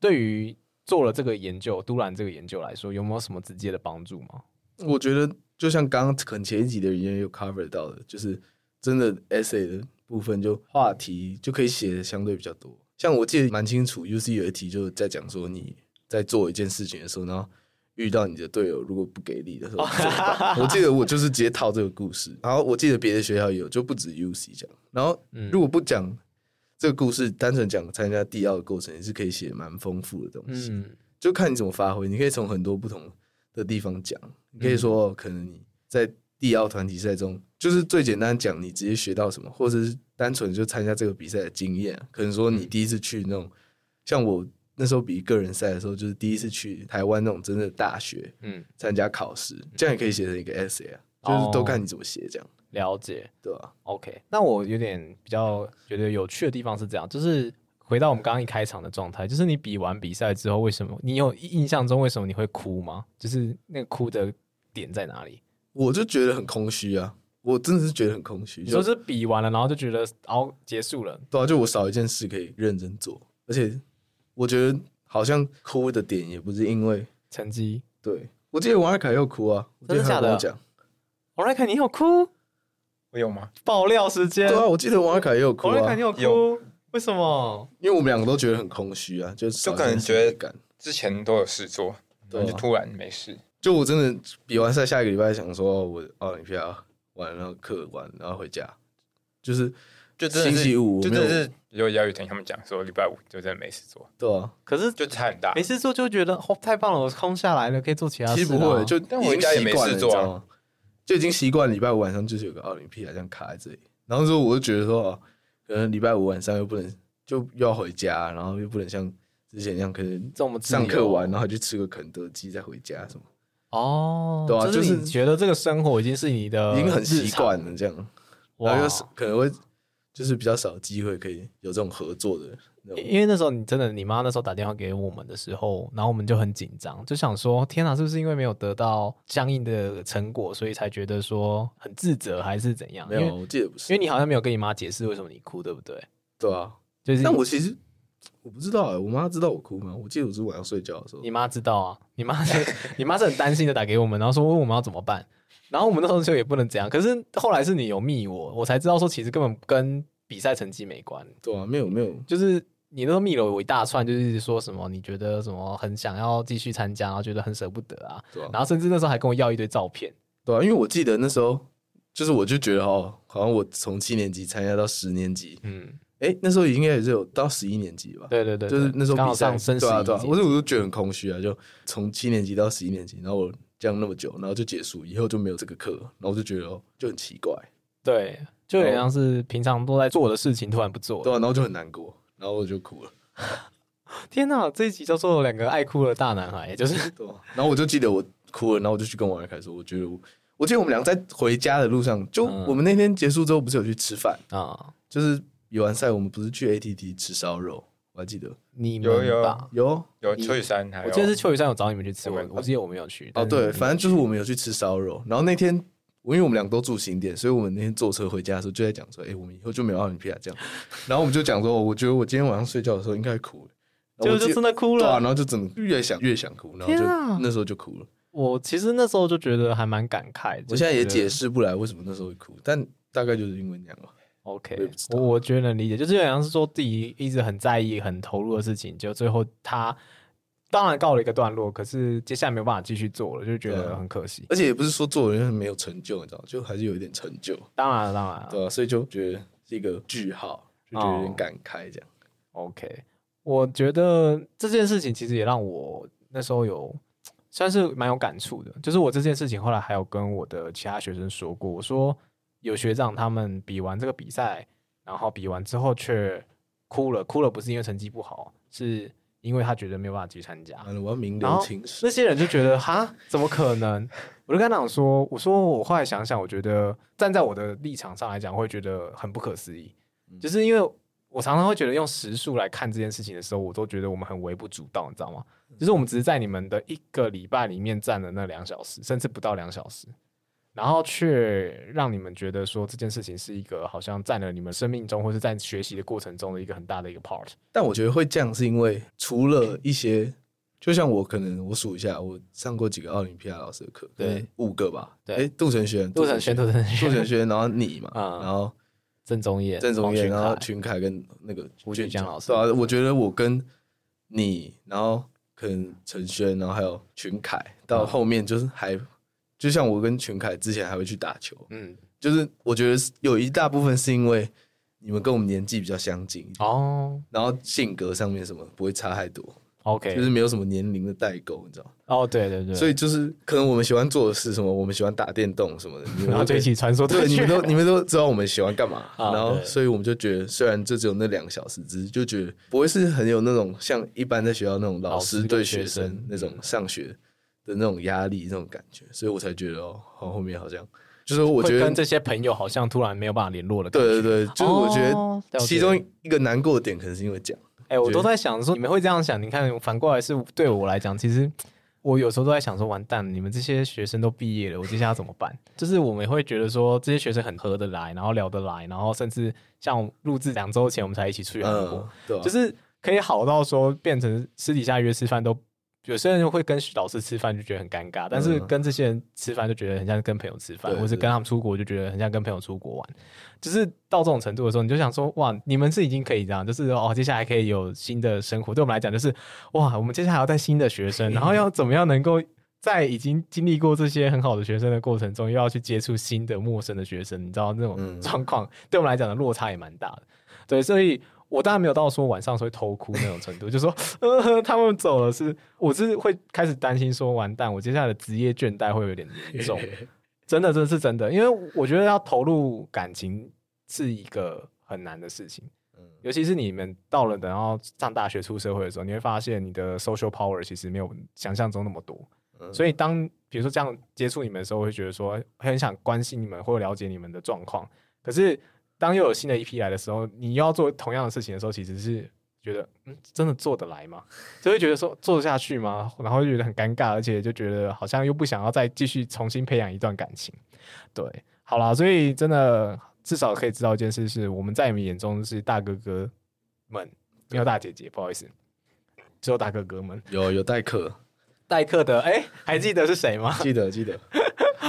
Speaker 2: 對於做了這個研究、都蘭這個研究來說，有沒有什麼直接的幫助嗎？
Speaker 3: 我覺得就像剛剛前幾集的演員有 cover 到的，就是真的 essay 的部分，就話題就可以寫的相對比較多。像我記得蠻清楚，U C 有的題就在講說你在做一件事情的時候呢。然後遇到你的隊友如果不給力的時候， 我記得我就是直接套這個故事。然後我記得別的學校也有，就不止 UC 講。然後如果不講這個故事，嗯、單純講參加地奧的過程也是可以寫蠻豐富的東西。嗯，就看你怎麼發揮。你可以從很多不同的地方講。你可以說，可能你在地奧團體賽中，就是最簡單講，你直接學到什麼，或者是單純就參加這個比賽的經驗、啊。可能說你第一次去那種，嗯、像我。那時候比個人賽的時候，就是第一次去台灣那種真的大學，嗯，參加考試，這樣也可以寫成一個 essay 啊，哦，就是都看你怎麼寫這樣。
Speaker 2: 了解，對啊，OK。
Speaker 3: 那我有點比
Speaker 2: 較覺得有趣的地方是這樣，就是回到我們剛剛一開場的狀態，就是你比完比賽之後，為什麼你有印象中為什麼你會哭嗎？就是那個哭的點在哪裡？
Speaker 3: 我就覺得很空虛啊，我真的是覺得很空虛。你說是比完了，然後就覺得哦，結束了，對，啊，就我少一件事可以認真做，而且。我覺得好像哭的點也不是因為成績。對，我記得王睿鍇又哭啊！我得我講真的假的？啊？
Speaker 2: 王睿鍇，你有哭？
Speaker 3: 我有嗎？爆料時間。對啊，我記得王睿鍇也有哭，啊。
Speaker 1: 王睿鍇，你有哭有？為什麼？
Speaker 3: 因為我們兩個都覺得很空虛啊，就是就感覺
Speaker 1: 感之前都有事做，對，就突然沒事，
Speaker 3: 啊。就我真的比完賽，下一個禮拜想說我奧林匹亞，玩那個課，玩然後回家，就是。就真的是，就這
Speaker 1: 是，就姚雨婷他們講說，禮拜五就在沒事做。對啊，可是就差很
Speaker 2: 大，沒事做就覺得哦，太棒了，我空下來了，可以做其他事。其實不會，就但我應該
Speaker 3: 也沒事做、啊。就已經習慣禮拜五晚上就是有個奧林匹亞這樣卡在這裡。然後說我就覺得說啊，可能禮拜五晚上又不能就又要回家，然後又不能像之前一樣，可能在我們上課完、啊、然後去吃個肯德基再回家什麼。哦、oh,，對啊，就是、就是、覺得這個生活已經是你的，已經很習慣了這樣，然後是可能會。就是比較少機會可以有這種合作的，因
Speaker 2: 為那時候你真的你媽那時候打電話給我們的時候，然後我們就很緊張，就想說天哪，是不是因為沒有得到相應的成果，所以才
Speaker 3: 覺得說很
Speaker 2: 自責還是怎樣？沒有，我記得不是，因為你好像沒有跟你媽解釋為什麼你哭，對不對？對啊，
Speaker 3: 就是。但我其實我不知道耶，我媽知道我哭嗎？我記得我
Speaker 2: 是晚上睡覺的時候，你媽知道啊？你媽是， 你媽是很擔心的打給我們，然後說問我們要怎麼辦。然後我們那時候就也不能怎樣，可是後來是你有密我，我才知道說其實根本跟比賽成績沒關。對啊，沒有沒有，就是你那時候密了我一大串，就是說什麼你覺得什麼很想要繼續參加，然後覺得很捨不得啊，對啊。然後甚至那時候還跟我要一堆照片。
Speaker 3: 對啊，因為我記得那時候，就是我就覺得哦，好像我從七年級參加到十年級，
Speaker 2: 嗯，
Speaker 3: 哎、欸，那時候應該也是有到十一年級吧？對對對，對，就是那時候比賽，剛好這樣我們升十一年級。對啊對啊，對啊，我就我就覺得很空虛啊，就從七年級到十一年級，然後我。講那麼久，然後就結束，以後就沒有這個課，然後我就覺得就很奇怪，
Speaker 2: 對，
Speaker 3: 就好像是平常都在做的事情，突然不做了，對、啊，然後就很難過，然後我就哭了。 天哪、啊，這一集叫做
Speaker 2: 兩個愛哭的大男孩，就是對、啊，
Speaker 3: 然後我就記得我哭了，然後我就去跟睿鍇說，我覺得我，我記得我們兩個在回家的路上，就我們那天結束之後，不是有去吃飯啊、嗯，就是比完賽，我們不是去 ATT 吃燒肉。我還記得你們有有有有
Speaker 1: 邱雨山，
Speaker 2: 我記得是邱雨山，有找你們去吃，我沒我記得我們、啊、有去啊，對，反
Speaker 3: 正就是我們有去吃燒肉，然後那天，嗯、因為我們兩個都住新店，所以我們那天坐車回家的時候就在講說，哎、嗯欸，我們以後就沒有奧林匹亞這樣， 然後我們就講說，我覺得我今天晚上睡覺的時候應該、欸、會哭了，就就真的哭了，然後就怎麼越想越想哭，然後就、啊、那時候就哭了。我其實那時候就覺得還蠻感慨，的。我現在也解釋不來為什麼那時候會哭，但大概就是因為那樣嘛。OK，我我
Speaker 2: 覺得能理解，就是好像是說自己一直很在意、很投入的事情，就最後他當然告了一個段落，可是接下來沒有辦法繼續做了，就覺得很可惜。啊、
Speaker 3: 而且也不是說做的人沒有成就，你知道，就還是有一點成就。當然了，當然了，對、啊，所以就覺得是一個句號，就覺得有點感慨這樣。Oh, OK，
Speaker 2: 我覺得這件事情其實也讓我那時候有算是蠻有感觸的，就是我這件事情後來還有跟我的其他學生說過，我說。有學長他們比完這個比賽，然後比完之後卻哭了，哭了不是因為成績不好，是因為他覺得沒有辦法去參加。嗯、然後那些人就覺得哈， 怎麼可能？ 我就跟他講說，我說我後來想想，我覺得站在我的立場上來講，會覺得很不可思議、嗯。就是因為我常常會覺得用時數來看這件事情的時候，我都覺得我們很微不足道，你知道嗎、嗯？就是我們只是在你們的一個禮拜裡面站了那兩小時，甚至不到兩小時。然後卻讓你們覺得說，這件事情是一個好像佔了你們生命中或是在學習的過程中的一個很大的一個 part。
Speaker 3: 但我覺得會這樣是因為，除了一些，Okay. 就像我可能我數一下，我上過幾個奧林匹亞老師的課，對，五個吧，對。哎、欸，杜晨軒，杜晨軒，杜晨軒，杜杜杜 然後你嘛，啊、嗯，然後鄭中業，鄭中業，然後群凱跟那個吳俊江老師，對、啊、我覺得我跟你，然後可能陳軒，然後還有群凱，嗯、到後面就是還。就像我跟睿鍇之前還會去打球，嗯，就是我覺得有一大部分是因為你們跟我們年紀比較相近哦，然後性格上面什麼不會差太多，OK，就是沒有什麼年齡的代溝，你知道哦，對對對，所以就是可能我們喜歡做的事什麼，我們喜歡打電動什麼的，你們可以，然後就一起傳說對，你們都你們都知道我們喜歡幹嘛，哦，然後所以我們就覺得，雖然就只有那兩個小時，只是就覺得不會是很有那種像一般在學校的那種老師對學生那種上學。嗯的那種壓力，那種感覺，所以我才覺得哦，後面好像就是我覺得跟這些朋友好像突然沒有辦法聯絡了。對對對，就是我覺得其中一個難過的點可能是因為這樣。
Speaker 2: 哎、哦欸，我都在想說，你們會這樣想？你看，反過來是對我來講，其實我有時候都在想說，完蛋，你們這些學生都畢業了，我接下來怎麼辦？ 就是我們會覺得說，這些學生很合得來，然後聊得來，然後甚至像錄製兩週前我們才一起出去玩，嗯啊，就是可以好到說變成私底下約吃飯都。有些人會跟老師吃飯，就覺得很尷尬，但是跟這些人吃飯就覺得很像跟朋友吃飯、嗯，或是跟他們出國就覺得很像跟朋友出國玩。就是到這種程度的時候，你就想說：哇，你們是已經可以這樣，就是哦，接下來可以有新的生活。對我們來講，就是哇，我們接下來要帶新的學生，然後要怎麼樣能夠在已經經歷過這些很好的學生的過程中，又要去接觸新的陌生的學生？你知道那種狀況、嗯，對我們來講的落差也蠻大的。對，所以。我當然沒有到說晚上會偷哭那種程度， 就說呃，他們走了是，我是會開始擔心說，完蛋，我接下來的職業倦怠會有點重。 真的，這是真的，因為我覺得要投入感情是一個很難的事情。嗯，尤其是你們到了然後上大學出社會的時候，你會發現你的 social power 其實沒有想象中那麼多。嗯，所以當比如說這樣接觸你們的時候，會覺得說很想關心你們或了解你們的狀況，可是。當又有新的一批來的時候，你又要做同樣的事情的時候，其實是覺得，嗯，真的做得來嗎就會覺得說做得下去嗎？然後就覺得很尷尬，而且就覺得好像又不想要再繼續重新培養一段感情。對，好啦，所以真的至少可以知道一件事是，我們在你們眼中是大哥哥們，沒有大姐姐，不好意思，只有大哥哥們。
Speaker 3: 有有代課，
Speaker 2: 代課的，哎、欸，
Speaker 3: 還記得是誰嗎？ 記得，記得。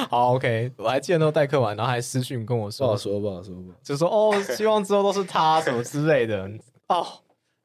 Speaker 2: 好，OK，我還記得都代課完，然後還私訊跟我說，不好說吧，不好說吧，就說哦，希望之後都是他什麼之類的 哦，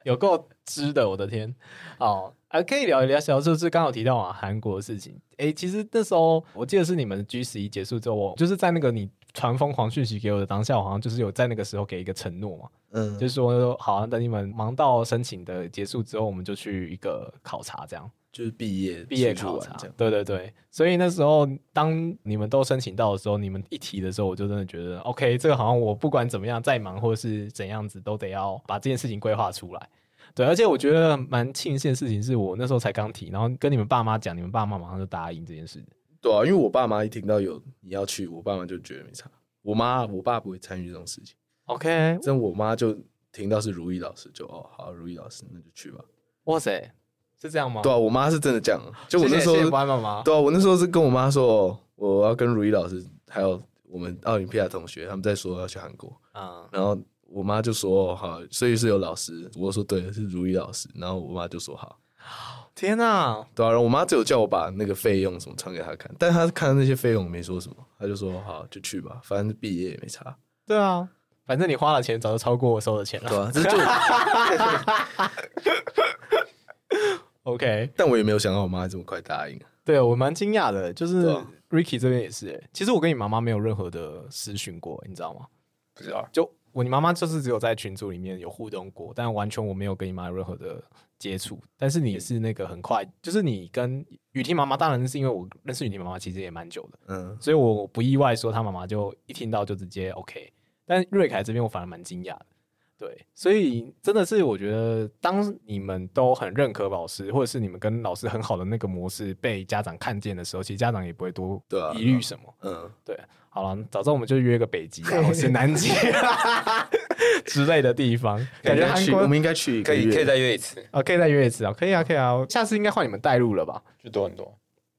Speaker 2: 有夠知的，我的天，哦，還、啊、可以聊一聊小時候，就是剛好提到啊韓國的事情，哎、欸，其實那時候我記得是你們 G 十一結束之後，我就是在那個你傳瘋狂訊息給我的當下，我好像就是有在那個時候給一個承諾嘛，嗯，就是說好、啊，等你們忙到申請的結束之後，我們就去一個考察這樣。就是畢業畢業考察，這樣，對對對，所以那時候當你們都申請到的時候，你們一提的時候，我就真的覺得，OK，這個好像我不管怎麼樣再忙或是怎樣子，都得要把這件事情規劃出來。對，而且我覺得蠻慶幸的事情是，我那時候才剛提，然後跟你們爸媽講，你們爸媽馬上就答應這件事
Speaker 3: 情。對啊，因為我爸媽一聽到有你要去，我爸媽就覺得沒差。我媽我爸不會參與這種事情，OK。這我媽就聽到是如意老師，就哦好啊，如意老師那就去吧。哇塞！是這樣嗎？對啊，我媽是真的這樣，就我那時候，謝謝謝謝柏安媽媽，對啊，我那時候是跟我媽說，我要跟如意老師還有我們奧林匹亞同學他們在說要去韓國啊、嗯，然後我媽就說好，所以是有老師，我說對，是如意老師，然後我媽就說好，天哪、啊，對啊，然後我媽只有叫我把那個費用什麼傳給他看，但他看那些費用沒說什麼，他就說好就去吧，反正畢業也沒差，對啊，反正你花了錢早就超過我收的錢了，對啊，哈哈 OK，但我也沒有想到我媽這麼快答應。
Speaker 2: 對，我蠻驚訝的，就是 Ricky 這邊也是、欸。其實我跟你媽媽沒有任何的私訊過，你知道嗎？不
Speaker 3: 知道，就我
Speaker 2: 你媽媽就是只有在群組裡面有互動過，但完全我沒有跟你媽有任何的接觸、嗯。但是你是那個很快，就是你跟雨婷媽媽，當然是因為我認識雨婷媽媽其實也蠻久的，嗯，所以我不意外說她媽媽就一聽到就直接 OK。但瑞凱這邊我反而蠻驚訝的。對，所以真的是我覺得，當你們都很認可老師，或者是你們跟老師很好的那個模式被家長看見的時候，其實家長也不會多疑慮什麼、啊。嗯，對，好了，早知道我們就約個北極，然後寫南極哈哈哈。 之類的地方， 感覺我們應該
Speaker 3: 去，可以可以再約一
Speaker 2: 次啊，可以再約一次、哦一次哦、啊，可以啊可以啊，下次應該換你們帶路了吧？
Speaker 3: 就多很多，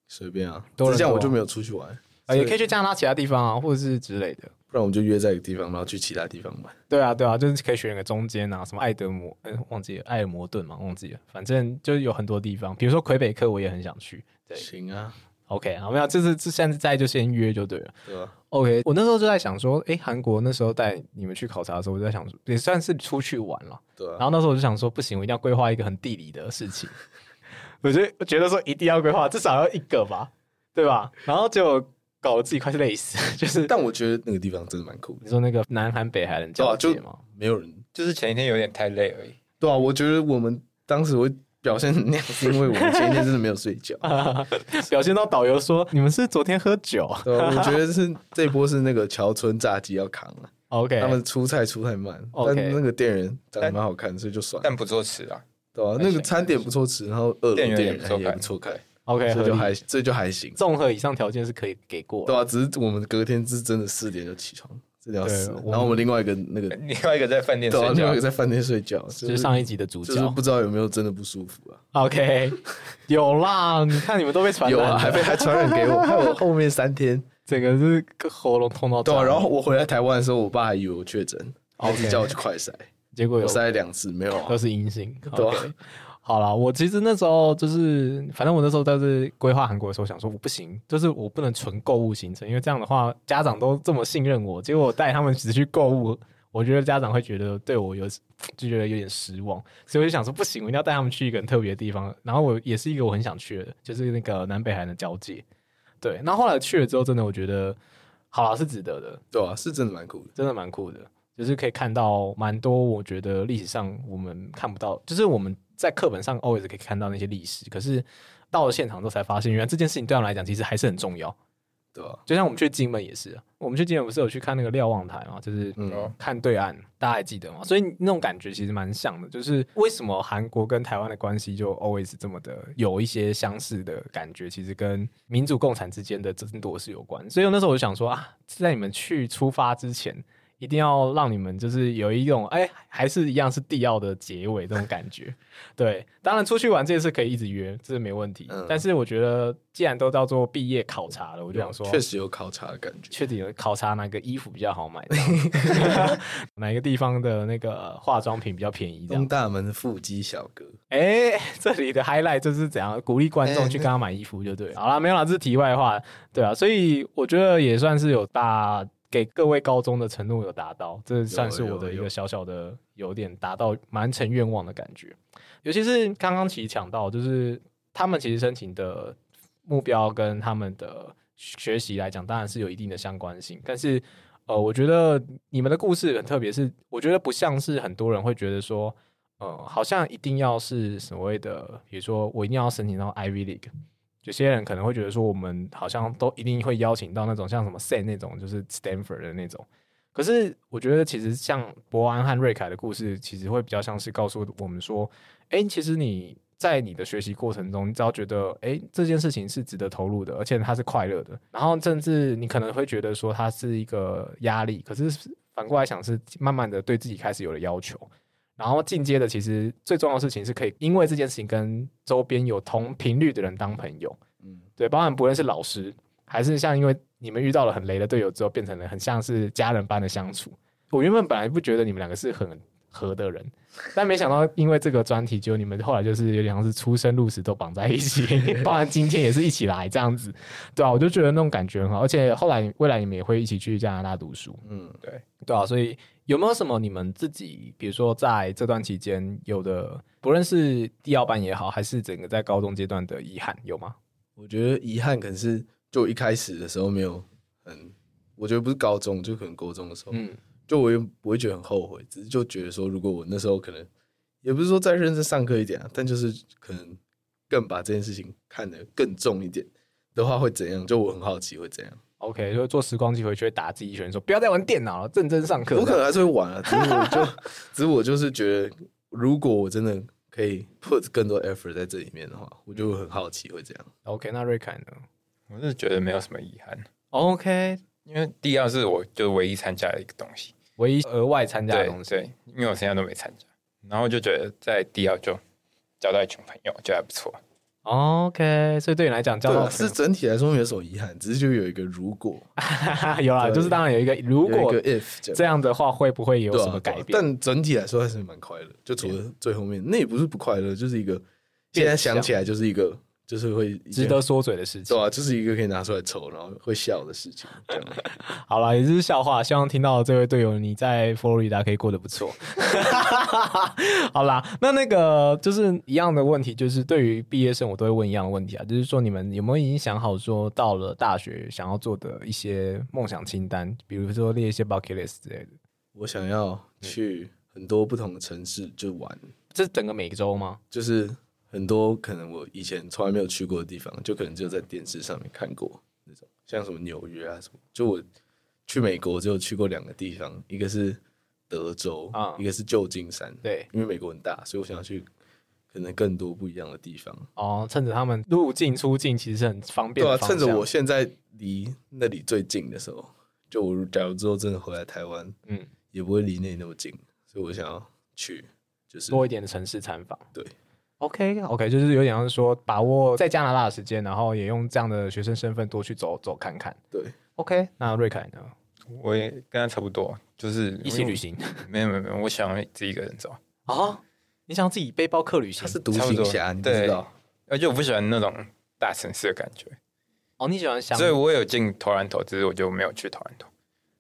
Speaker 3: 隨、嗯、便啊，多了、啊。這樣我就沒有出去玩啊，也可以去
Speaker 2: 加拿大其他地方啊、哦，或者是之類的。不然我們就約在一個地方，然後去其他地方玩。對啊，對啊，就是可以選一個中間啊，什麼愛德摩，哎、欸，忘記了，艾爾摩頓嘛，忘記了。反正就是有很多地方，比如說魁北克，我也很想去。對行啊，OK，好沒有，這次這現在就先約就對
Speaker 3: 了，
Speaker 2: 對啊，OK，我那時候就在想說，哎、欸，韓國那時候帶你們去考察的時候，我就在想說，也算是出去玩了。對啊。然後那時候我就想說，不行，我一定要規劃一個很地理的事情。 我就覺得說，一定要規劃，至少要一個吧，對吧？然後就。 搞得自己快累
Speaker 3: 死了，就是。但我覺得那個地方真的蠻酷的。你說那個南韓、啊、北韓人交接沒有人，就是前一天有點太累而已。對啊，我覺得我們當時我表現那樣，是 因為我們前一天真的沒有睡覺。 表現到導遊說 你們是昨天喝酒。對、啊，我覺得是 這波是那個橋村炸雞要扛了。OK，他們出菜出太慢，okay, 但那個店員長得蠻好看，所以就算了。但不錯吃啊，對吧、啊？那個餐點不錯吃，然後二樓店員也不錯看。OK，這就還這就還行。綜合以上條件是可以給過，對啊，只是我們隔天是真的四點就起床，真的要死了對，然後我們另外一個那個另外一個在飯店，對，另外一個在飯店,、啊、店睡覺，就是上一集的主角、就是。就是不知道有沒有真的不舒服啊？OK，有啦， 你看你們都被傳染有、啊，還被還傳染給我，還 有後面三天，整個是喉嚨痛到。對啊，然後我回來台灣的時候， 我爸還以為我確診，然後就叫我去快篩，結果有我篩兩次沒有、啊，都是陰性。Okay、對、啊。
Speaker 2: 好了，我其實那時候就是，反正我那時候在規劃韓國的時候，想說我不行，就是我不能純購物行程，因為這樣的話家長都這麼信任我，結果我帶他們只去購物，我覺得家長會覺得對我有就覺得有點失望，所以我就想說不行，我一定要帶他們去一個很特別的地方。然後我也是一個我很想去的，就是那個南北韓的交界，對。然後後來去了之後，真的我覺得好啦，是值得的，
Speaker 3: 對啊，是真的蠻酷的，真的蠻酷
Speaker 2: 的，就是可以看到蠻多我覺得歷史上我們看不到，就是我們。在課本上 always 可以看到那些歷史，可是到了現場之後才發現，原來這件事情對我來講其實還是很重要。對，就像我們去金門也是，我們去金門不是有去看那個瞭望台嘛？就是、嗯、看對岸，大家還記得嗎？所以那種感覺其實蠻像的。就是為什麼韓國跟台灣的關係就 always 這麼的有一些相似的感覺，其實跟民主共產之間的爭奪是有關。所以那時候我就想說啊，在你們去出發之前。一定要讓你們就是有一種哎、欸，還是一樣是地奧的結尾這種感覺， 對。當然出去玩這件事可以一直約，這是沒問題。嗯、但是我覺得既然都叫做畢業考察了，我就想說，確實有考察的感覺，確實有考察哪個衣服比較好買， 哪個地方的那個化妝品比較便宜。東大門腹肌小哥，哎、欸，這裡的 highlight 就是怎樣鼓勵觀眾去跟他買衣服，就對了、欸。好了，沒有了，這是題外話，對啊。所以我覺得也算是有大。給各位高中的承諾有達到，這算是我的一個小小的有點達到完成願望的感覺。有了有了有。尤其是剛剛其實講到，就是他們其實申請的目標跟他們的學習來講，當然是有一定的相關性。但是，呃，我覺得你們的故事很特別，是我覺得不像是很多人會覺得說，呃，好像一定要是所謂的，比如說我一定要申請到 Ivy League。有些人可能會覺得說，我們好像都一定會邀請到那種像什麼 s sin 那種，就是 Stanford 的那種。可是我覺得，其實像柏安和睿鍇的故事，其實會比較像是告訴我們說，哎、欸，其實你在你的學習過程中，你只要覺得，哎、欸，這件事情是值得投入的，而且它是快樂的，然後甚至你可能會覺得說，它是一個壓力。可是反過來想，是慢慢的對自己開始有了要求。然後進階的其實最重要的事情是可以，因為這件事情跟周邊有同頻率的人當朋友，嗯，對，包含不論是老師，還是像因為你們遇到了很雷的隊友之後，變成了很像是家人般的相處。我原本本來不覺得你們兩個是很。合的人，但沒想到因為這個專題， 就你們後來就是有點像是出生入死都綁在一起，當 然今天也是一起來這樣子，對啊，我就覺得那種感覺很好，而且後來未來你們也會一起去加拿大讀書，嗯，對，對啊。所以有沒有什麼你們自己，比如說在這段期間有的，不論是第二班也好，還是整個在高中階
Speaker 3: 段的遺憾有嗎？我覺得遺憾可能是就一開始的時候沒有很，我覺得不是高中，就可能高中的時候，嗯。就我也不會覺得很後悔，只是就覺得說，如果我那時候可能也不是說再認真上課一點啊，但就是可能更把這件事情看得更重一點的話，會怎樣？就我很好奇會怎樣。OK，就會坐時光機回去打自己一拳，說不要再玩電腦了，認真上課，我可能還是會玩啊。只是我就 只是我就是覺得，如果我真的可以 put 更多 effort 在這裡面的話，我就很好奇會怎
Speaker 2: 樣。OK，那睿鍇呢？我是
Speaker 3: 覺得沒有什麼遺憾。
Speaker 2: OK，因為
Speaker 1: 地奧是我就唯一參加的一個東西。
Speaker 2: 唯一額外參加的東
Speaker 1: 西，因為我現在都沒參加，然後就覺得在地奧就交到一群朋友，就還不錯。
Speaker 3: OK，所以對你來講，交對、啊、是整體來說沒有什麼遺憾，只是就有一個如果，哈哈哈，有啦，就是當然
Speaker 2: 有一個如果，if 這樣的話有個樣會不會有什麼改變、啊？但
Speaker 3: 整體來說還是蠻快樂，就除了最後面、yeah. 那也不是不快樂，就是一個、yeah. 現在想起來就是一個。就是會值得說嘴的事情，對啊，就是一個可以拿出來抽，然後會笑的事情。這樣
Speaker 2: 好了，也是笑話。希望聽到這位隊友你在佛羅里達可以過得不錯。 好啦，那那個就是一樣的問題，就是對於畢業生，我都會問一樣的問題啊，就是說你們有沒有已經想好說到了大學想要做的一些夢想清單，比如說列一些 bucket list 之類的。
Speaker 3: 我想要去很多不同的城市就玩。這整個美洲嗎？就是。很多可能我以前從來沒有去過的地方，就可能只有在電視上面看過那種，像什麼紐約啊什麼。就我去美國，只有去過兩個地方，一個是德州、嗯、一個是舊金山。對，因為美國很大，所以我想要去可能更多不一樣的地方。
Speaker 2: 哦，趁着他們入境出境其實是很方便的方向。對啊，趁着我
Speaker 3: 現在離那裡最近的時候，就我假如之後真的回來台灣，嗯，也不會離那裡那麼近，所以我想要去就是多一點的城市參訪。對。
Speaker 2: OK，OK，okay, okay, 就是有點像是說，把握在加拿大的時間，然後也用這樣的學生身份多去走走看看。對，OK。那睿鍇
Speaker 1: 呢？我也跟他差不多，就是一起旅行。沒有沒有沒有，我喜歡自己一個人走。
Speaker 2: 啊、 哦？你想自己背包客旅行？他是獨行俠，你知道對。
Speaker 1: 而且我不喜歡那種大城市的感覺。
Speaker 2: 哦，你喜歡鄉？所以
Speaker 1: 我有進 Toronto，只是我就沒有去 Toronto。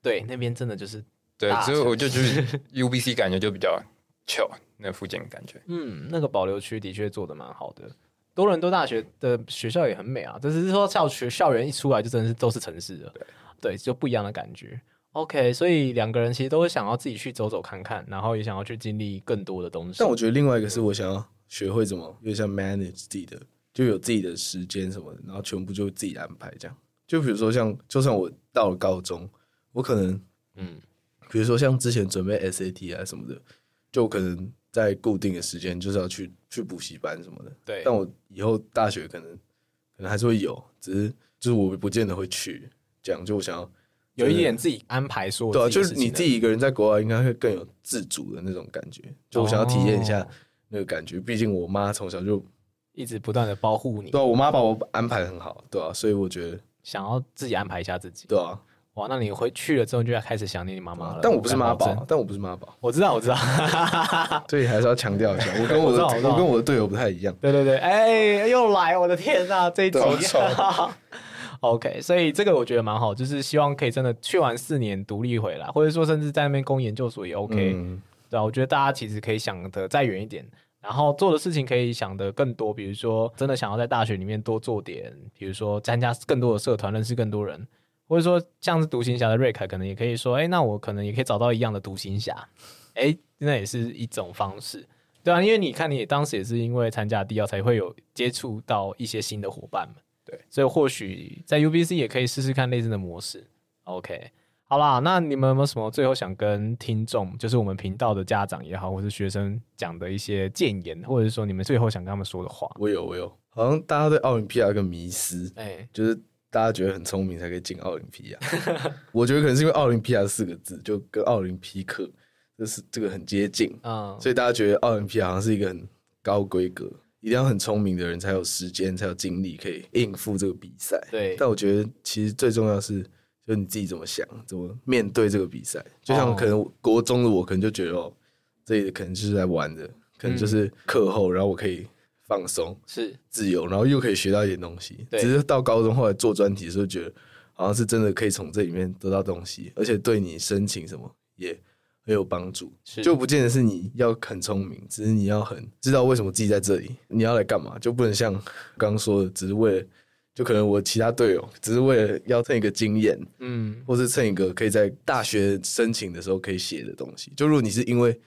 Speaker 2: 對，那邊真的就是對，所以我就是
Speaker 1: UBC，感覺就比較 chill 那附近的感覺，嗯，那個保留區的確做得蠻好的。
Speaker 2: 多倫多大學的學校也很美啊，只是說校區校園一出來就真的是都是城市的，對，就不一樣的感覺。OK，所以兩個人其實都會想要自己去走走看看，然後也想要去經
Speaker 3: 歷更多的東西。但我覺得另外一個是我想要學會怎麼，又像 manage 自己的，就有自己的時間什麼的，然後全部就自己安排這樣。就比如說像，就算我到了高中，我可能，嗯，比如說像之前準備 SAT 啊什麼的，就可能。在固定的時間就是要去去補習班什麼的，對。但我以後大學可能可能還是會有，只是就是我不見得會去講，這樣就我想要有一點
Speaker 2: 自己安排說己。說對啊，就是你自己一
Speaker 3: 個人在國外，應該會更有自主的那種感覺。就我想要體驗一下那個感覺，畢竟我媽從小就一直不斷的保護你，對啊，我媽把我安排很好，對啊，所以我覺得想要自己安排一下自己，對啊。
Speaker 2: 哇，那你回去了之後就要開始想念你媽媽了、啊。但我不是媽寶，
Speaker 3: 但我不是媽寶。
Speaker 2: 我知道，我知道。
Speaker 3: 對， 還是要強調一下，我跟我的 我，我跟我的隊友不太一樣。對對對，
Speaker 2: 哎、欸，又來，我的天吶， 這一集。 OK，所以這個我覺得蠻好，就是希望可以真的去完四年獨立回來，或者說甚至在那邊攻研究所也 OK、嗯。對後、啊、我覺得大家其實可以想的再遠一點，然後做的事情可以想的更多，比如說真的想要在大學裡面多做點，比如說參加更多的社團，認識更多人。或者說，像是獨行俠的睿鍇，可能也可以說，哎、欸，那我可能也可以找到一樣的獨行俠，哎、欸，那也是一種方式，對啊，因為你看，你當時也是因為參加地奧，才會有接觸到一些新的夥伴們，對，所以或許在 UBC 也可以試試看類似的模式，OK，好啦，那你們有沒有什麼最後想跟聽眾，就是我們頻道的家長也好，或是學生講的一些建言，或者是說你們最後想跟他們說的話？
Speaker 3: 我有，我有，好像大家對奧林匹亞有個迷思，哎、欸，就是。大家覺得很聰明才可以進奧林匹亞， 我覺得可能是因為“奧林匹亞”四個字就跟奧林匹克這、就是這個很接近啊，oh. 所以大家覺得奧林匹亞好像是一個很高規格，一定要很聰明的人才有時間才有精力可以應付這個比賽。對，但我覺得其實最重要是就你自己怎麼想怎麼面對這個比賽，就像我可能國中的我可能就覺得哦、喔，這裡可能就是在玩的，可能就是課後、嗯，然後我可以。放鬆是自由，然後又可以學到一點東西。只是到高中後來做專題的時候，覺得好像是真的可以從這裡面得到東西，而且對你申請什麼也很有幫助。就不見得是你要很聰明，只是你要很知道為什麼自己在這裡，你要來幹嘛，就不能像剛剛說的，只是為了就可能我其他隊友只是為了要蹭一個經驗，嗯，或是蹭一個可以在大學申請的時候可以寫的東西。就如果你是因為。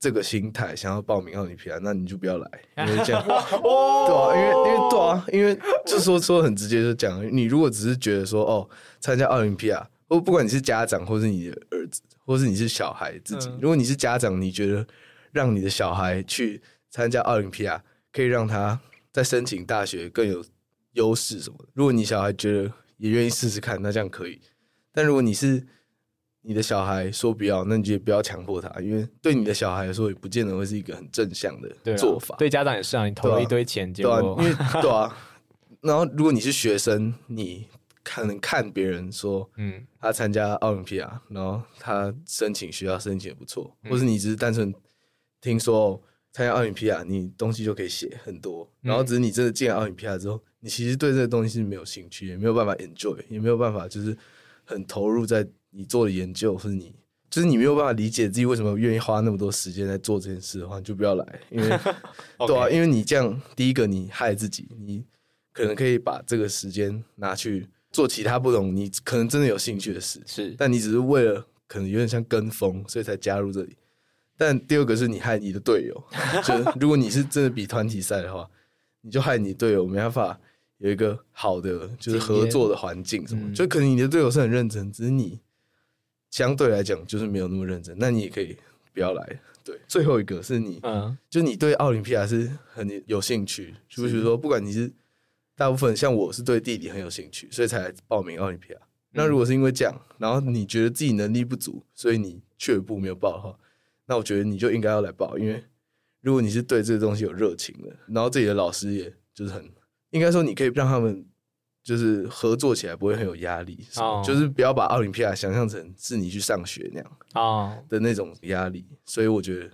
Speaker 3: 這個心態想要報名奧林匹亞，那你就不要來，因為這樣，
Speaker 2: 哦、對啊，因為因為對啊，
Speaker 3: 因為就說說很直接，就講你如果只是覺得說哦，參加奧林匹亞，不管你是家長，或是你的兒子，或是你是小孩自己、嗯，如果你是家長，你覺得讓你的小孩去參加奧林匹亞，可以讓他在申請大學更有優勢什麼的。如果你小孩覺得也願意試試看，嗯、那這樣可以，但如果你是。你的小孩說不要，那你就不要強迫他，因為對你的小孩來說也不見得會是一個很正向的做法。對、啊、
Speaker 2: 對家長也是啊，你投了一堆錢就對、啊對啊、因為 對啊。
Speaker 3: 然後如果你是學生，你看能看別人說，嗯，他參加奧林匹 r 然後他申請學校申請也不錯，或是你只是單純聽說參加奧林匹 r 你東西就可以寫很多。然後只是你真的進了奧林匹克之後，你其實對這個東西是沒有興趣，也沒有辦法 enjoy，也沒有辦法就是很投入在。你做的研究，是你就是你沒有辦法理解自己為什麼願意花那麼多時間來做這件事的話，你就不要來，因為、 okay. 對啊，因為你這樣第一個你害自己，你可能可以把這個時間拿去做其他不同的你可能真的有興趣的事，是，但你只是為了可能有點像跟風，所以才加入這裡。但第二個是你害你的隊友， 就如果你是真的比團體賽的話，你就害你隊友沒辦法有一個好的就是合作的環境，什麼、嗯、就可能你的隊友是很認真，只是你。相對來講，就是沒有那麼認真。那你也可以不要來。對，最後一個是你，嗯、就你對奧林匹亞是很有興趣，就是說，不管你是大部分像我是對地理很有興趣，所以才報名奧林匹亞、嗯。那如果是因為這樣，然後你覺得自己能力不足，所以你卻步沒有報的話，那我覺得你就應該要來報，因為如果你是對這個東西有熱情的，然後自己的老師也就是很應該說，你可以讓他們。就是合作起來不會很有壓力、oh.，就是不要把奧林匹亞想象成是你去上學那樣啊的、oh. 的那種壓力。所以我覺得，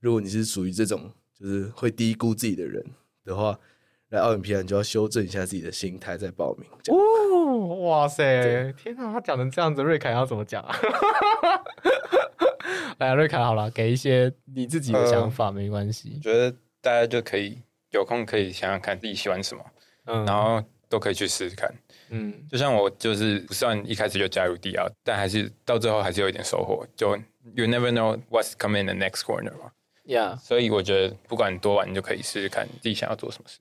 Speaker 3: 如果你是屬於這種就是會低估自己的人的話，來奧林匹亞你就要修正一下自己的心態再報名。
Speaker 2: 哇塞，天哪、啊！他講成這樣子，瑞凱要怎麼講啊？
Speaker 3: 來，瑞凱，好了，給一些你自
Speaker 1: 己的想
Speaker 2: 法，嗯、沒關係。
Speaker 1: 我覺得大家就可以有空可以想想看自己喜歡什麼，嗯，然後。都可以去試試看，嗯，就像我就是不算一開始就加入地奧但還是到最後還是有一點收穫。就 You never know what's coming in the next corner 嘛，Yeah，所以我覺得不管多晚，你就可以試試看自己想要做什麼事。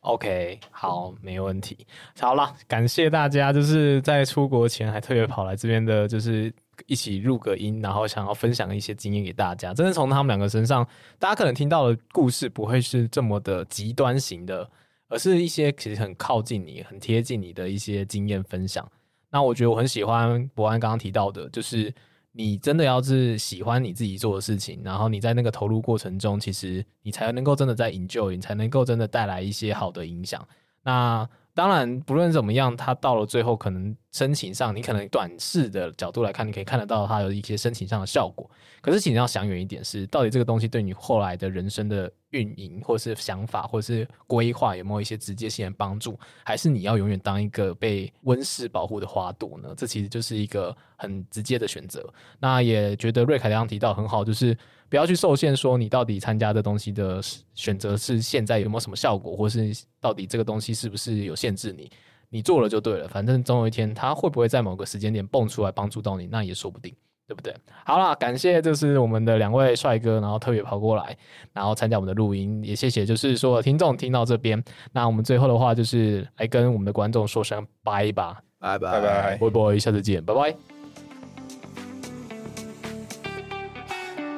Speaker 1: OK，好，沒問題。好了，
Speaker 2: 感謝大家，就是在出國前還特別跑來這邊的，就是一起錄個音，然後想要分享一些經驗給大家。真的從他們兩個身上，大家可能聽到的故事不會是這麼的極端型的。而是一些其實很靠近你、很貼近你的一些經驗分享。那我覺得我很喜歡柏安剛剛提到的，就是你真的要是喜歡你自己做的事情，然後你在那個投入過程中，其實你才能夠真的在 enjoy，你才能夠真的帶來一些好的影響。那當然，不論怎麼樣，它到了最後，可能申請上你可能短視的角度來看，你可以看得到它有一些申請上的效果。可是，請你要想遠一點是，是到底這個東西對你後來的人生的運營，或是想法，或是規劃，有沒有一些直接性的幫助？還是你要永遠當一個被溫室保護的花朵呢？這其實就是一個很直接的選擇。那也覺得睿鍇剛剛提到的很好，就是。不要去受限，說你到底參加的東西的選擇是現在有沒有什麼效果，或是到底這個東西是不是有限制你？你做了就對了，反正總有一天他會不會在某個時間點蹦出來幫助到你，那也說不定，對不對？好啦，感謝就是我們的兩位帥哥，然後特別跑過來，然後參加我們的錄音，也謝謝就是說聽眾聽到這邊，那我們最後的話就是來跟我們的觀眾說聲拜吧，拜拜拜拜，拜拜，下次見，拜拜。